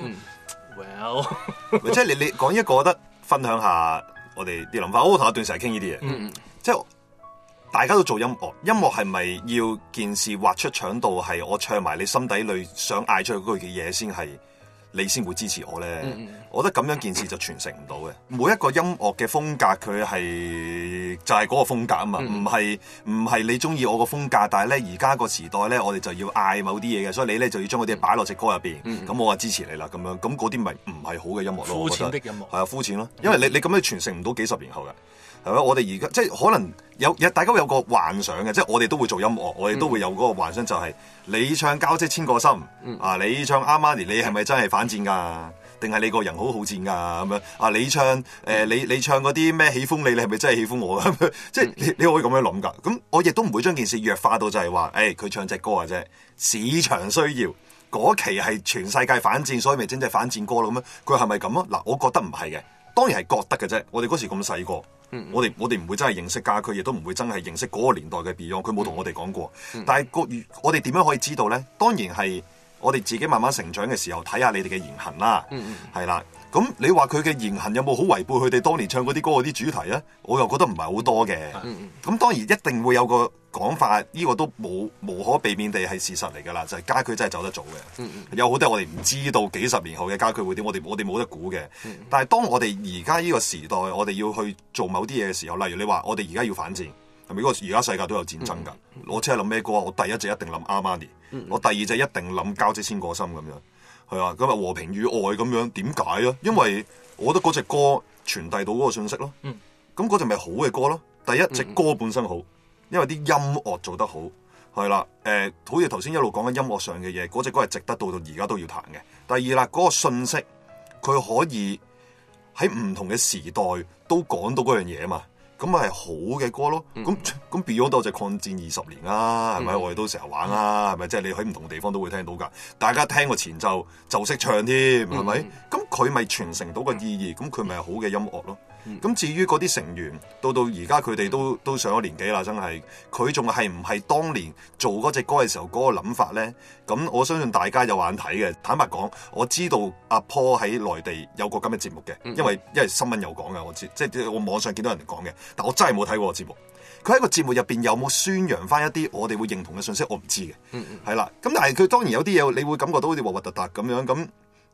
Well， 即係你你講一個，我覺得分享下我哋啲諗法。我同阿段成日傾呢啲嘢，即係大家都做音樂，音樂係咪要件事畫出腸道，係我唱埋你心底裏想嗌出去嗰句嘅嘢先係。你先會支持我咧，嗯嗯。我覺得咁樣件事就傳承唔到嘅。每一個音樂嘅風格，佢係就係嗰個風格啊嘛，唔係唔係你中意我個風格，但係咧而家個時代咧，我哋就要嗌某啲嘢嘅，所以你咧就要將嗰啲嘢擺落隻歌入邊。咁、嗯嗯、我啊支持你啦，咁樣咁嗰啲咪唔係好嘅音樂咯。膚淺音樂，係啊膚淺咯，因為你你咁樣傳承唔到幾十年後嘅。係我哋而家即係可能有有大家會有個幻想嘅，即係我哋都會做音樂，我哋都會有嗰個幻想就係、是嗯、你唱交織千個心，嗯、啊你唱阿瑪尼，你係咪真係反戰㗎？定係你個人好好戰㗎咁樣？啊、嗯、你唱誒你你唱嗰啲咩喜歡你，你係咪真係喜歡我是、嗯？即係你你可以咁樣諗㗎。咁我亦都唔會將件事弱化到就係話，誒、欸、佢唱隻歌呀啫，市場需要嗰期係全世界反戰，所以咪整隻反戰歌咯咁樣。佢係咪咁啊？嗱，我覺得唔係嘅，當然係覺得嘅啫。我哋嗰時咁細個。 我哋我哋唔會真係認識家駒，亦都唔會真係認識嗰個年代嘅 Beyond。佢冇同我哋講過， 但係個我哋點樣可以知道咧？當然係我哋自己慢慢成長嘅時候，睇下你哋嘅言行啦。係 啦，咁你話佢嘅言行有冇好違背佢哋當年唱嗰啲歌嗰啲主題咧？我又覺得唔係好多嘅。咁 當然一定會有個講法呢、這個都冇無，無可避免地係事實嚟㗎啦，就係、是、家居真係走得早嘅、嗯。有好多我哋唔知道幾十年後嘅家居會點，我哋我哋冇得估嘅、嗯。但係當我哋而家呢個時代，我哋要去做某啲嘢嘅時候，例如你話我哋而家要反戰，係咪？因而家世界都有戰爭㗎、嗯。我即係諗咩歌我第一隻一定諗 Armani、嗯、我第二隻一定諗交織先過心咁樣係啊。咁日和平與愛咁樣點解啊？因為我覺得嗰隻歌傳遞到嗰個信息咯。咁嗰隻咪好嘅歌咯。第一隻歌本身好。嗯嗯因為啲音樂做得好，係啦，誒、呃，好似頭先一路講緊音樂上嘅嘢，嗰、那、隻、個、歌係值得到到而家都要彈嘅。第二啦，嗰、那個信息佢可以喺唔同嘅時代都講到嗰樣嘢啊嘛，咁咪係好嘅歌咯。咁、嗯、咁 Beyond 就係抗戰二十年啦、啊，係咪、嗯？我哋都成日玩啦、啊，係咪？即、就、係、是、你喺唔同地方都會聽到噶。大家聽過前奏就識唱添，係咪？咁佢咪傳承到個意義，咁佢咪係好嘅音樂咯。咁、嗯、至於嗰啲成員，到到而家佢哋都、嗯、都上咗年紀啦，真係佢仲係唔係當年做嗰隻歌嘅時候嗰個諗法咧？咁我相信大家有眼睇嘅。坦白講，我知道阿 Paul 喺內地有個咁嘅節目嘅、嗯，因為、嗯、因為新聞有講嘅，我知即係、即係、我網上見到人講嘅，但我真係冇睇過個節目。佢喺個節目入邊有冇宣揚翻一啲我哋會認同嘅信息，我唔知嘅。係、嗯、啦。咁、嗯、但係佢當然有啲嘢，你會感覺到好似核核突突咁樣咁咁嗰啲，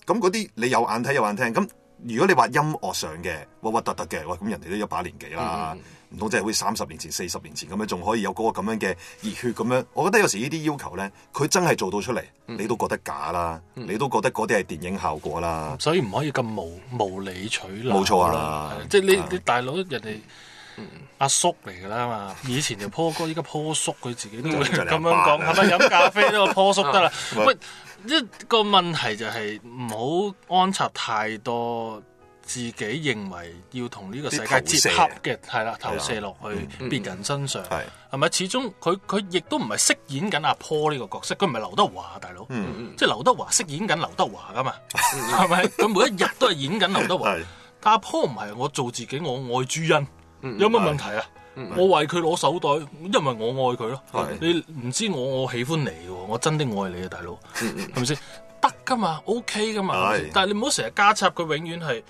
咁咁你有眼睇有眼聽咁。如果你話音樂上嘅核核突突嘅，喂咁人哋都一把年紀啦，唔通即係好似三十年前、四十年前咁樣，仲可以有嗰個咁樣嘅熱血咁樣？我覺得有時呢啲要求咧，佢真係做到出嚟、嗯，你都覺得假啦、嗯，你都覺得嗰啲係電影效果啦，所以唔可以咁無無理取鬧。冇錯啦，即係你你大佬人哋、嗯、阿叔嚟噶啦嘛，以前就波哥，依 家波叔，佢自己都會咁樣講，咁樣飲咖啡都話 波叔得啦，喂。一個問題就係唔好安插太多自己認為要同呢個世界接洽嘅，係啦，投射落去別人身上係係咪？始終佢佢亦都唔係飾演緊阿坡呢個角色，佢唔係劉德華大佬，即係劉德華飾演緊劉德華噶嘛係咪？佢每一日都係演緊劉德華，但阿坡唔係，我做自己，我愛朱茵、嗯、有乜問題啊？是我為佢攞手袋，因為我愛佢咯。係。你唔知我我喜歡你，我真的愛你啊，大佬，係咪先？得噶嘛，OK 噶嘛，OK、嘛，但係你唔好成日加插，佢永遠係。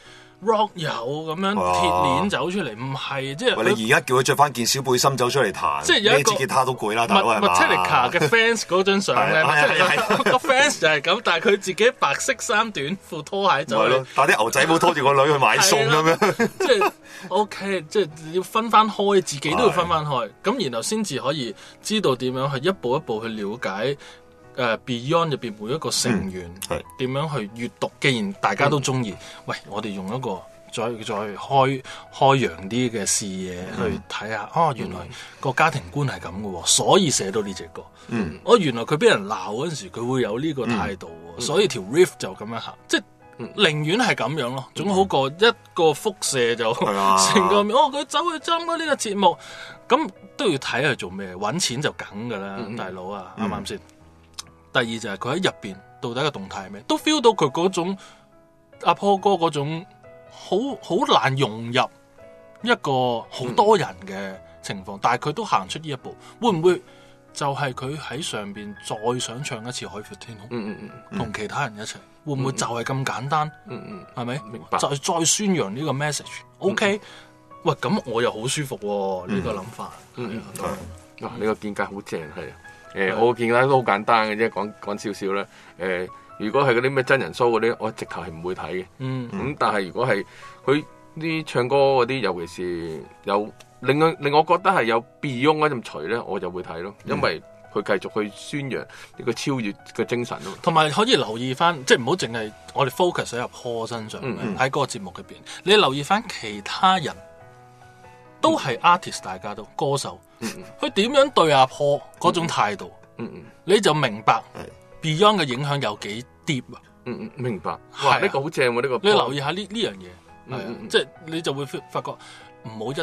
rock 有咁樣鐵鏈走出嚟，唔係即係。你而家叫佢着翻件小背心走出嚟彈，即、就、係、是、有一。一支吉他都攰啦，大哥係咪？咪 Metallica 嘅 fans 嗰張相咧，個、 哎 啊 啊、 fans 就係咁，但係佢自己白色衫短褲拖鞋就。係、就、咯、是，帶啲牛仔帽拖住個女去買餸咁樣，即 係是的、 就是、OK，即係要分翻開，自己都要分翻開，咁然後先至可以知道點樣去一步一步去了解。誒、uh, Beyond 入邊每一個成員點、嗯、樣去閱讀？既然大家都中意、嗯，喂，我哋用一個再再開開揚啲嘅視野、嗯、去睇下，哦、嗯啊，原來個家庭觀係咁嘅，所以寫到呢隻歌。嗯，哦、啊，原來佢俾人鬧嗰陣時，佢會有呢個態度喎、嗯，所以條 Riff 就咁樣行、嗯，即係、嗯、寧願係咁樣咯，總好過一個輻射就成、嗯 啊、個面。哦，佢走去參加呢個節目，咁都要睇下做咩？揾錢就梗㗎啦，大佬啊，啱啱先？第二就係佢喺入邊到底個動態係咩？都 feel 到佢嗰種阿坡哥嗰種好好難融入一個好多人嘅情況、嗯，但係佢都行出呢一步，會唔會就係佢喺上邊再想唱一次《海闊天空》嗯？同、嗯、其他人一齊、嗯，會唔會就係咁簡單？嗯係咪、嗯、明白？再再宣揚呢個 message？OK，、嗯 okay？嗯嗯、喂，咁我又好舒服呢、哦嗯這個諗法。嗯，係、啊。嗱、嗯，你個見解好正係啊。誒、呃，我見解都好簡單嘅啫，講講少少啦。誒、呃，如果係嗰啲咩真人 show 嗰啲，我直頭係唔會睇嘅。嗯。咁、嗯嗯、但係如果係佢啲唱歌嗰啲，尤其是有令我令我覺得係有 Beyond 嗰除咧，我就會睇咯、嗯。因為佢繼續去宣揚呢個超越嘅精神咯。同埋可以留意翻，即係唔好淨係我哋 focus 喺入 c 身上，喺、嗯、嗰個節目入邊，你要留意翻其他人。都係 artist，大家都歌手，佢、嗯、點、嗯、樣對阿破嗰種態度、嗯嗯嗯嗯，你就明白的 Beyond 嘅影響有幾 deep 啊！嗯嗯，明白。哇，呢、啊這個好正喎，呢、這個你留意一下呢呢樣嘢，係、這個啊嗯嗯嗯、即係你就會發覺，唔好一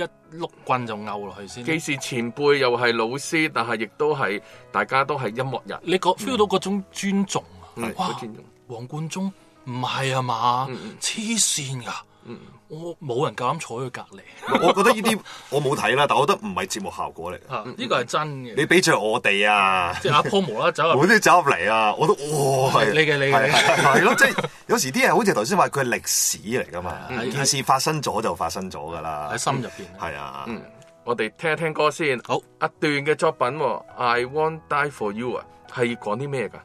一碌棍就嘔落去先了。既是前輩又係老師，但係亦都係大家都係音樂人。嗯、你覺 feel、嗯、到嗰種尊重啊、嗯？係尊重。黃貫中唔係、嗯嗯、啊嘛？黐線噶。嗯我冇人夠膽坐佢隔離，我覺得呢啲我冇睇啦， 但我覺得唔係節目效果嚟，呢、嗯這個係真嘅。你比着我哋啊，即係阿坡無啦走入，無都走入嚟啊！我都，哇、哦， 你嘅你嘅，係咯，即係、就是、有時啲人好似頭先話佢係歷史嚟噶嘛， 件事發生咗就發生咗噶啦，喺 心入邊。係啊， 我哋聽一聽歌先。好，一段嘅作品、oh，I Won't Die For You 啊，係講啲咩噶？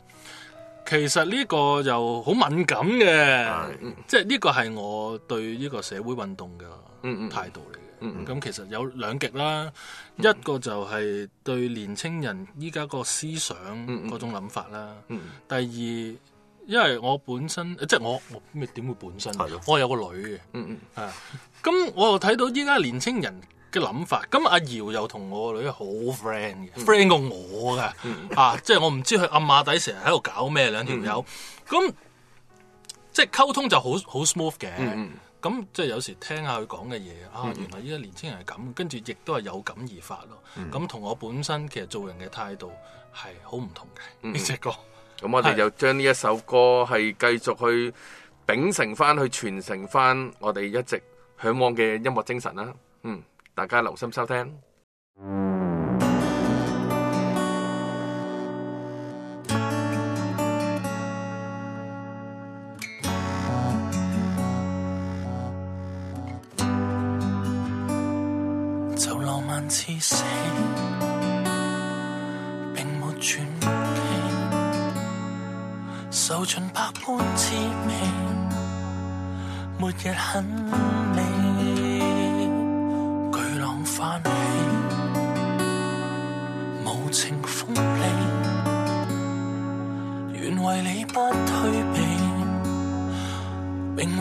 其實呢個又好敏感嘅，嗯，即係呢個係我對呢個社會運動嘅態度嚟嘅。咁，嗯嗯，其實有兩極啦，嗯，一個就係對年青人依家個思想嗰種諗法啦，嗯嗯。第二，因為我本身即係我咩點會本身？我係有個女嘅。嗯嗯，咁，啊，我又睇到依家年青人嘅諗法，咁阿姚又同我個女好 friend 嘅，friend 過我噶、嗯、啊， 即係我唔知佢阿馬底成日喺度搞咩兩條友，咁、嗯、即係溝通就好好 smooth 嘅。咁、嗯、即係有時聽下佢講嘅嘢啊，原來依家年輕人係咁，跟住亦都係有感而發咯。咁、嗯、同我本身其實做人嘅態度係好唔同嘅呢隻歌。咁、嗯、我哋就將呢一首歌係繼續去秉承翻，去傳承翻我哋一直向往嘅音樂精神啦。嗯。大家留心收聽。就浪漫至死，並沒轉機，受盡百般滋味，末日很。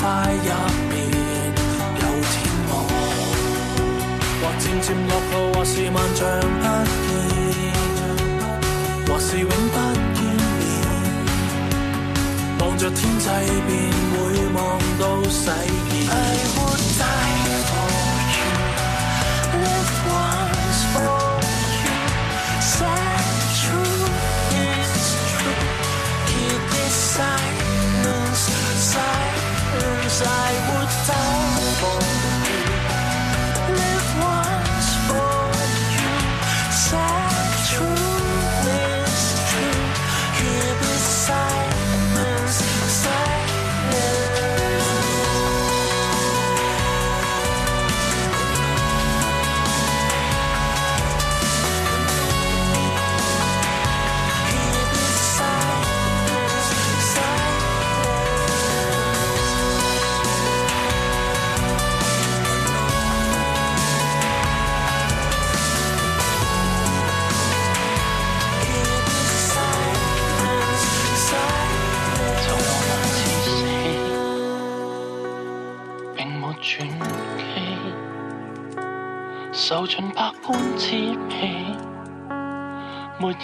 在入面有天望，或漸漸落後，或是萬丈不見，或是永不見面。望着天際，便會望到世界。I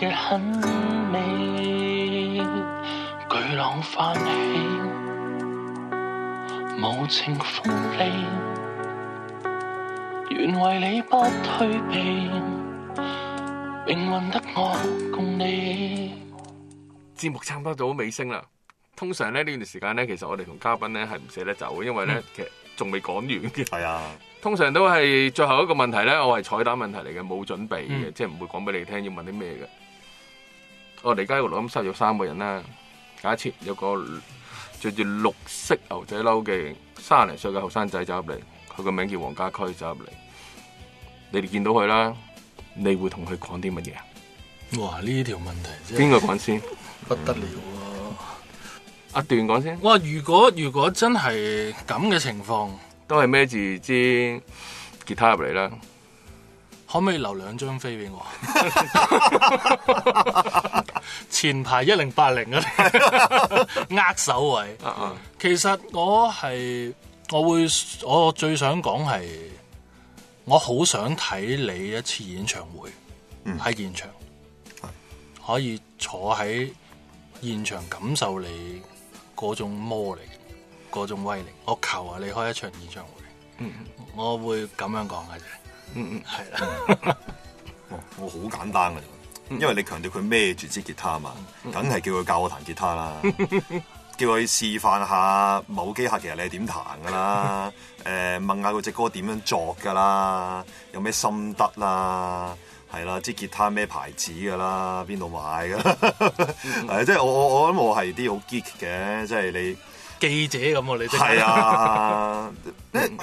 日很美，巨浪翻起，無情風力，願為你不退避，命運得我共你。節目差唔多到尾聲啦。通常咧呢段時間呢，其實我哋同嘉賓呢係唔捨得走，因為呢，嗯、其實仲未講完嘅。係啊，通常都係最後一個問題呢，我係彩蛋問題嚟嘅，冇準備嘅，嗯，即係唔會講俾你聽，要問啲咩嘅。我哋而家喺錄音室有三個人啦。假設有個着住綠色牛仔褸嘅卅零歲嘅後生仔走入嚟，佢個名叫黃家駒走入嚟，你哋見到佢啦，你會同佢講啲乜嘢啊？哇！呢條問題啫、啊。邊個講先、嗯？不得了啊！阿段講先。哇！如果如果真係咁嘅情況，都係孭住支吉他入嚟啦。可唔可以留兩張飛俾我？ 前排一零八零嗰啲握手位。Uh-huh. 其實我係我會我最想講係我好想睇你一次演唱會，喺、mm. 現場可以坐喺現場感受你嗰種魔力、嗰種威力。我求啊你開一場演唱會，mm. 我會咁樣講嘅啫。嗯嗯，係啦、 哦，我好簡單噶，因為你強調佢孭住支吉他啊嘛，梗、嗯、係叫佢教我彈吉他啦， 叫佢示範下某幾下其實你係點彈噶啦，誒、 呃、問下佢隻歌點樣作噶啦，有咩心得啦，係啦，支吉他咩牌子噶啦，邊度買噶，係即係我我我諗我係啲好 geek 嘅，即係你記者咁、啊，你係啊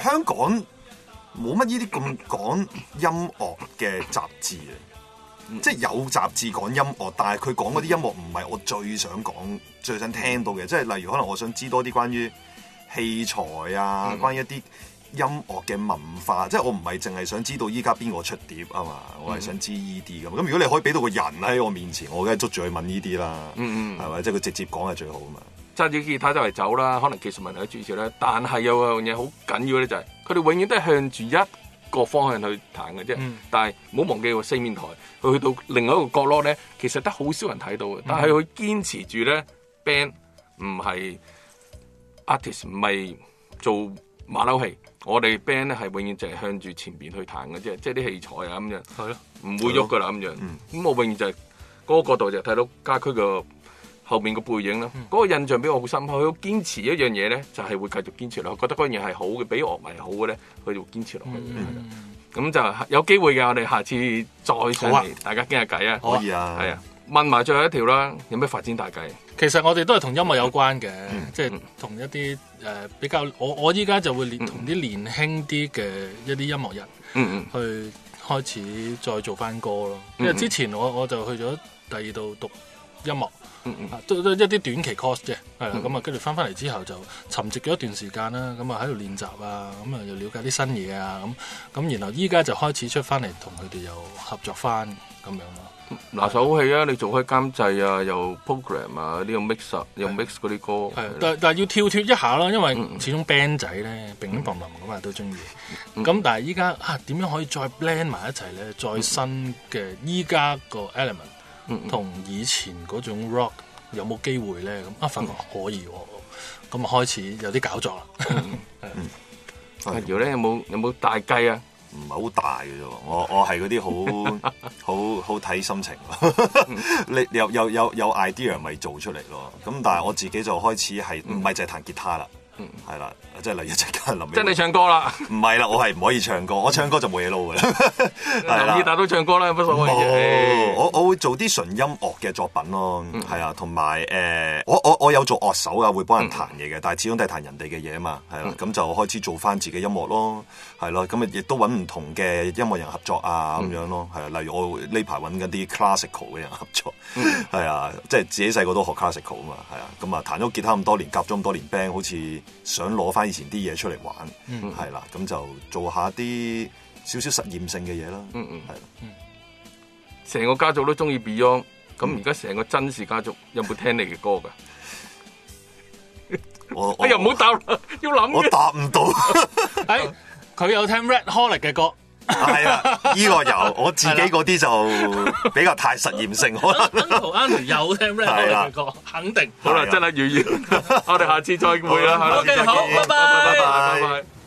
香港。 冇乜呢啲咁講音樂嘅雜誌嚟，即係有雜誌講音樂，但係佢講嗰啲音樂唔係我最想講、嗯、最想聽到嘅。即、就、係、是、例如可能我想知多啲關於器材啊，嗯、關於一啲音樂嘅文化。即、就、係、是、我唔係淨係想知道依家邊個出碟啊嘛，我係想知依啲咁。咁、嗯、如果你可以俾到個人喺我面前，我梗係捉住佢問依啲啦。嗯，係咪？即係佢直接講係最好啊嘛。揸住吉他就嚟走啦，可能技術問題嘅注視啦，但係有樣嘢好緊要咧就係、是。我哋永遠都係向住一個方向去彈嘅啫、嗯，但係唔好忘記個四面台，佢去到另外一個角落咧，其實得好少人睇到嘅、嗯。但係佢堅持住咧，band 唔係 artist，唔係做馬騮戲，我哋 band 咧係永遠就係向住前邊去彈嘅啫，即係啲器材啊咁樣，係咯，唔會喐噶啦咁樣。咁、嗯、我永遠就係、是、嗰、那個角度就睇到家居個。後面個背影咧，嗰、嗯那個印象俾我好深刻。佢堅持一樣嘢咧，就係、是、會繼續堅持落。覺得嗰樣嘢係好嘅，比樂迷好嘅咧，佢就會堅持落去。咁、嗯、就有機會嘅，我哋下次再上嚟，大家傾下偈啊！可以啊，係啊，問埋最後一條啦，有咩發展大計？其實我哋都係同音樂有關嘅，即係同一啲誒比較。我我依家就會連同啲年輕啲嘅一啲音樂人、嗯、去開始再做翻歌咯、嗯。因為之前我我就去咗第二度讀音樂。嗯都、嗯啊、一啲短期 cost 啫，係啦，咁啊跟住翻翻嚟之後就沉寂咗一段時間啦，咁啊喺度練習啊，咁啊又了解啲新嘢啊，咁咁然後依家就開始出翻嚟同佢哋又合作翻咁樣咯。拿、啊、手好戲啊，你做開監製啊，又 program 啊，呢個 mix 又、啊、mix 嗰啲歌。係，但但要跳脫一下啦，因為始終 band 仔咧兵荒馬亂噶嘛，都中意。咁、嗯、但係依家啊，點樣可以再 blend 埋一齊咧？再新嘅依家個 element。同以前嗰種 rock 有冇機會咧？咁、嗯、啊份、嗯、可以、哦，咁啊開始有啲搞作啦、嗯。阿姚咧有冇有冇大計啊？唔係好大嘅啫，我我係嗰啲好好好睇心情，你、嗯、有有有有 idea 咪做出嚟咯。咁但係我自己就開始係唔係就係彈吉他啦，係、嗯、啦。就是、立即係例如，即刻諗。即係你唱歌啦？唔係啦，我係唔可以唱歌。 我唱歌就冇嘢撈嘅。係 啦，李大都唱歌啦，有乜所謂，我我會做啲純音樂嘅作品咯，係、嗯、啊，同埋誒，我我我有做樂手啊，會幫人彈嘢嘅，但係始終都係彈人哋嘅嘢啊嘛，係啦，咁、嗯、就開始做翻自己音樂咯，係咯，咁啊亦都揾唔同嘅音樂人合作啊咁、嗯、樣咯，係啊，例如我呢排揾緊啲 classical 嘅人合作，係、嗯、啊，即係、就是、自己細個都學 classical 啊嘛，係啊，咁啊彈咗吉他咁多年，夾咗咁多年 band，好似想攞翻。以前啲嘢出嚟玩，嗯、mm -hmm.，係啦，咁就做下啲少少實驗性嘅嘢啦。嗯、mm、嗯 -hmm.，係。嗯，成個家族都中意 Beyond，咁而家成個甄氏家族有冇聽你嘅歌噶？ 我又呀，唔 好、哎、答， 要諗，我答唔到。哎，佢有聽 Redholic 嘅歌。係 啊依、這個有，我自己嗰啲就比較太實驗性可能。Angie，Angie 有聽咩 肯定不， 好啦， 真係要要，語語 我哋下次再會啦。OK，好，好，好，好，好，拜拜，拜拜，拜拜。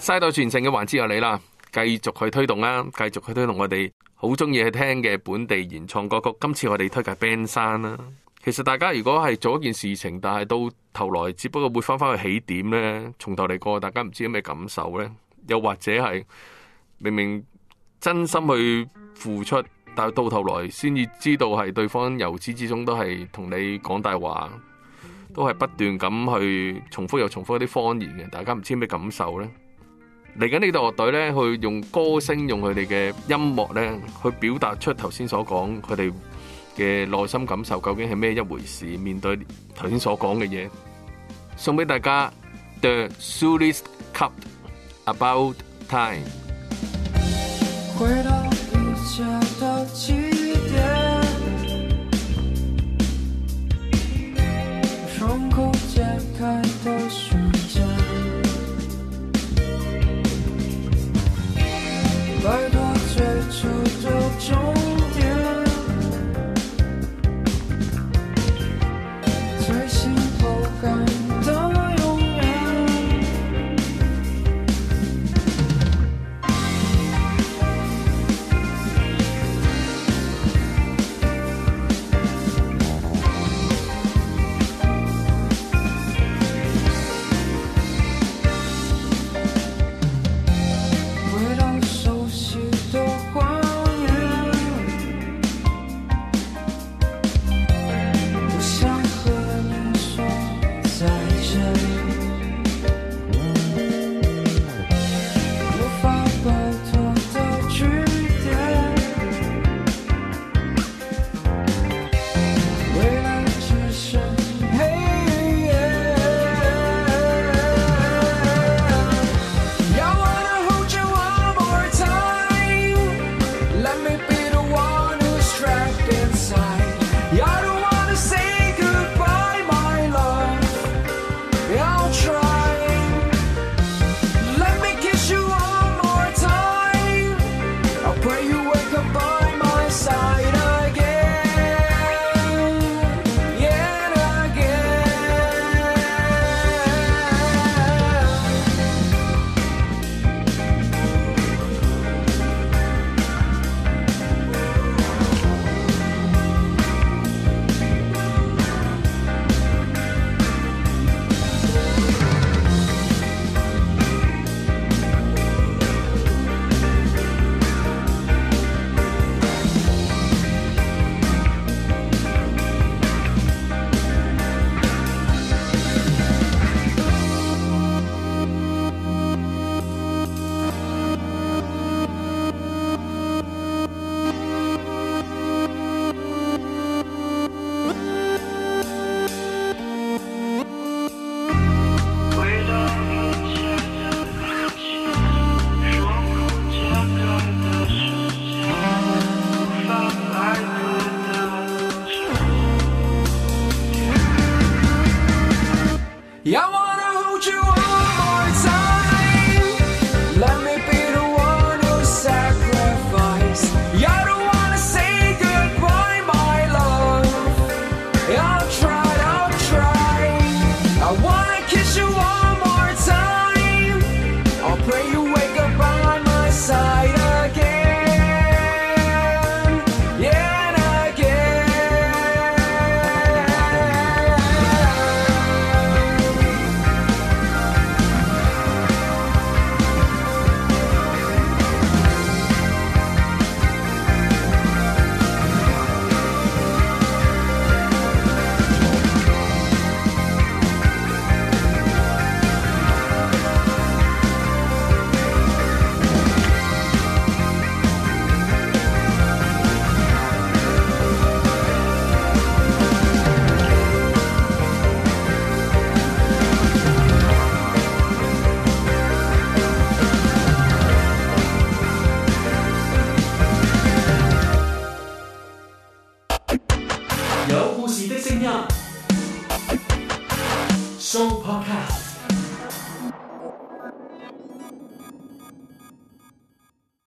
世到全承嘅環節有你啦，繼續去推動啦，繼續去推動我哋好中意去聽嘅本地原創歌曲。今次我哋推介 Band 山啦。其實大家如果係做一件事情，但係到頭來只不過會返回返返去起點呢，從頭嚟過，大家唔知道有咩感受呢？又或者係明明真心去付出，但係到頭來先至知道係對方由始至終都係同你講大話，都係不斷咁去重複又重複一啲謊言嘅，大家唔知咩感受呢？嚟緊呢個樂隊咧，去用歌聲、用佢哋嘅音樂咧，去表達出頭先所講佢哋嘅內心感受，究竟係咩一回事？面對頭先所講嘅嘢，送俾大家 The Soulish Cup About Time。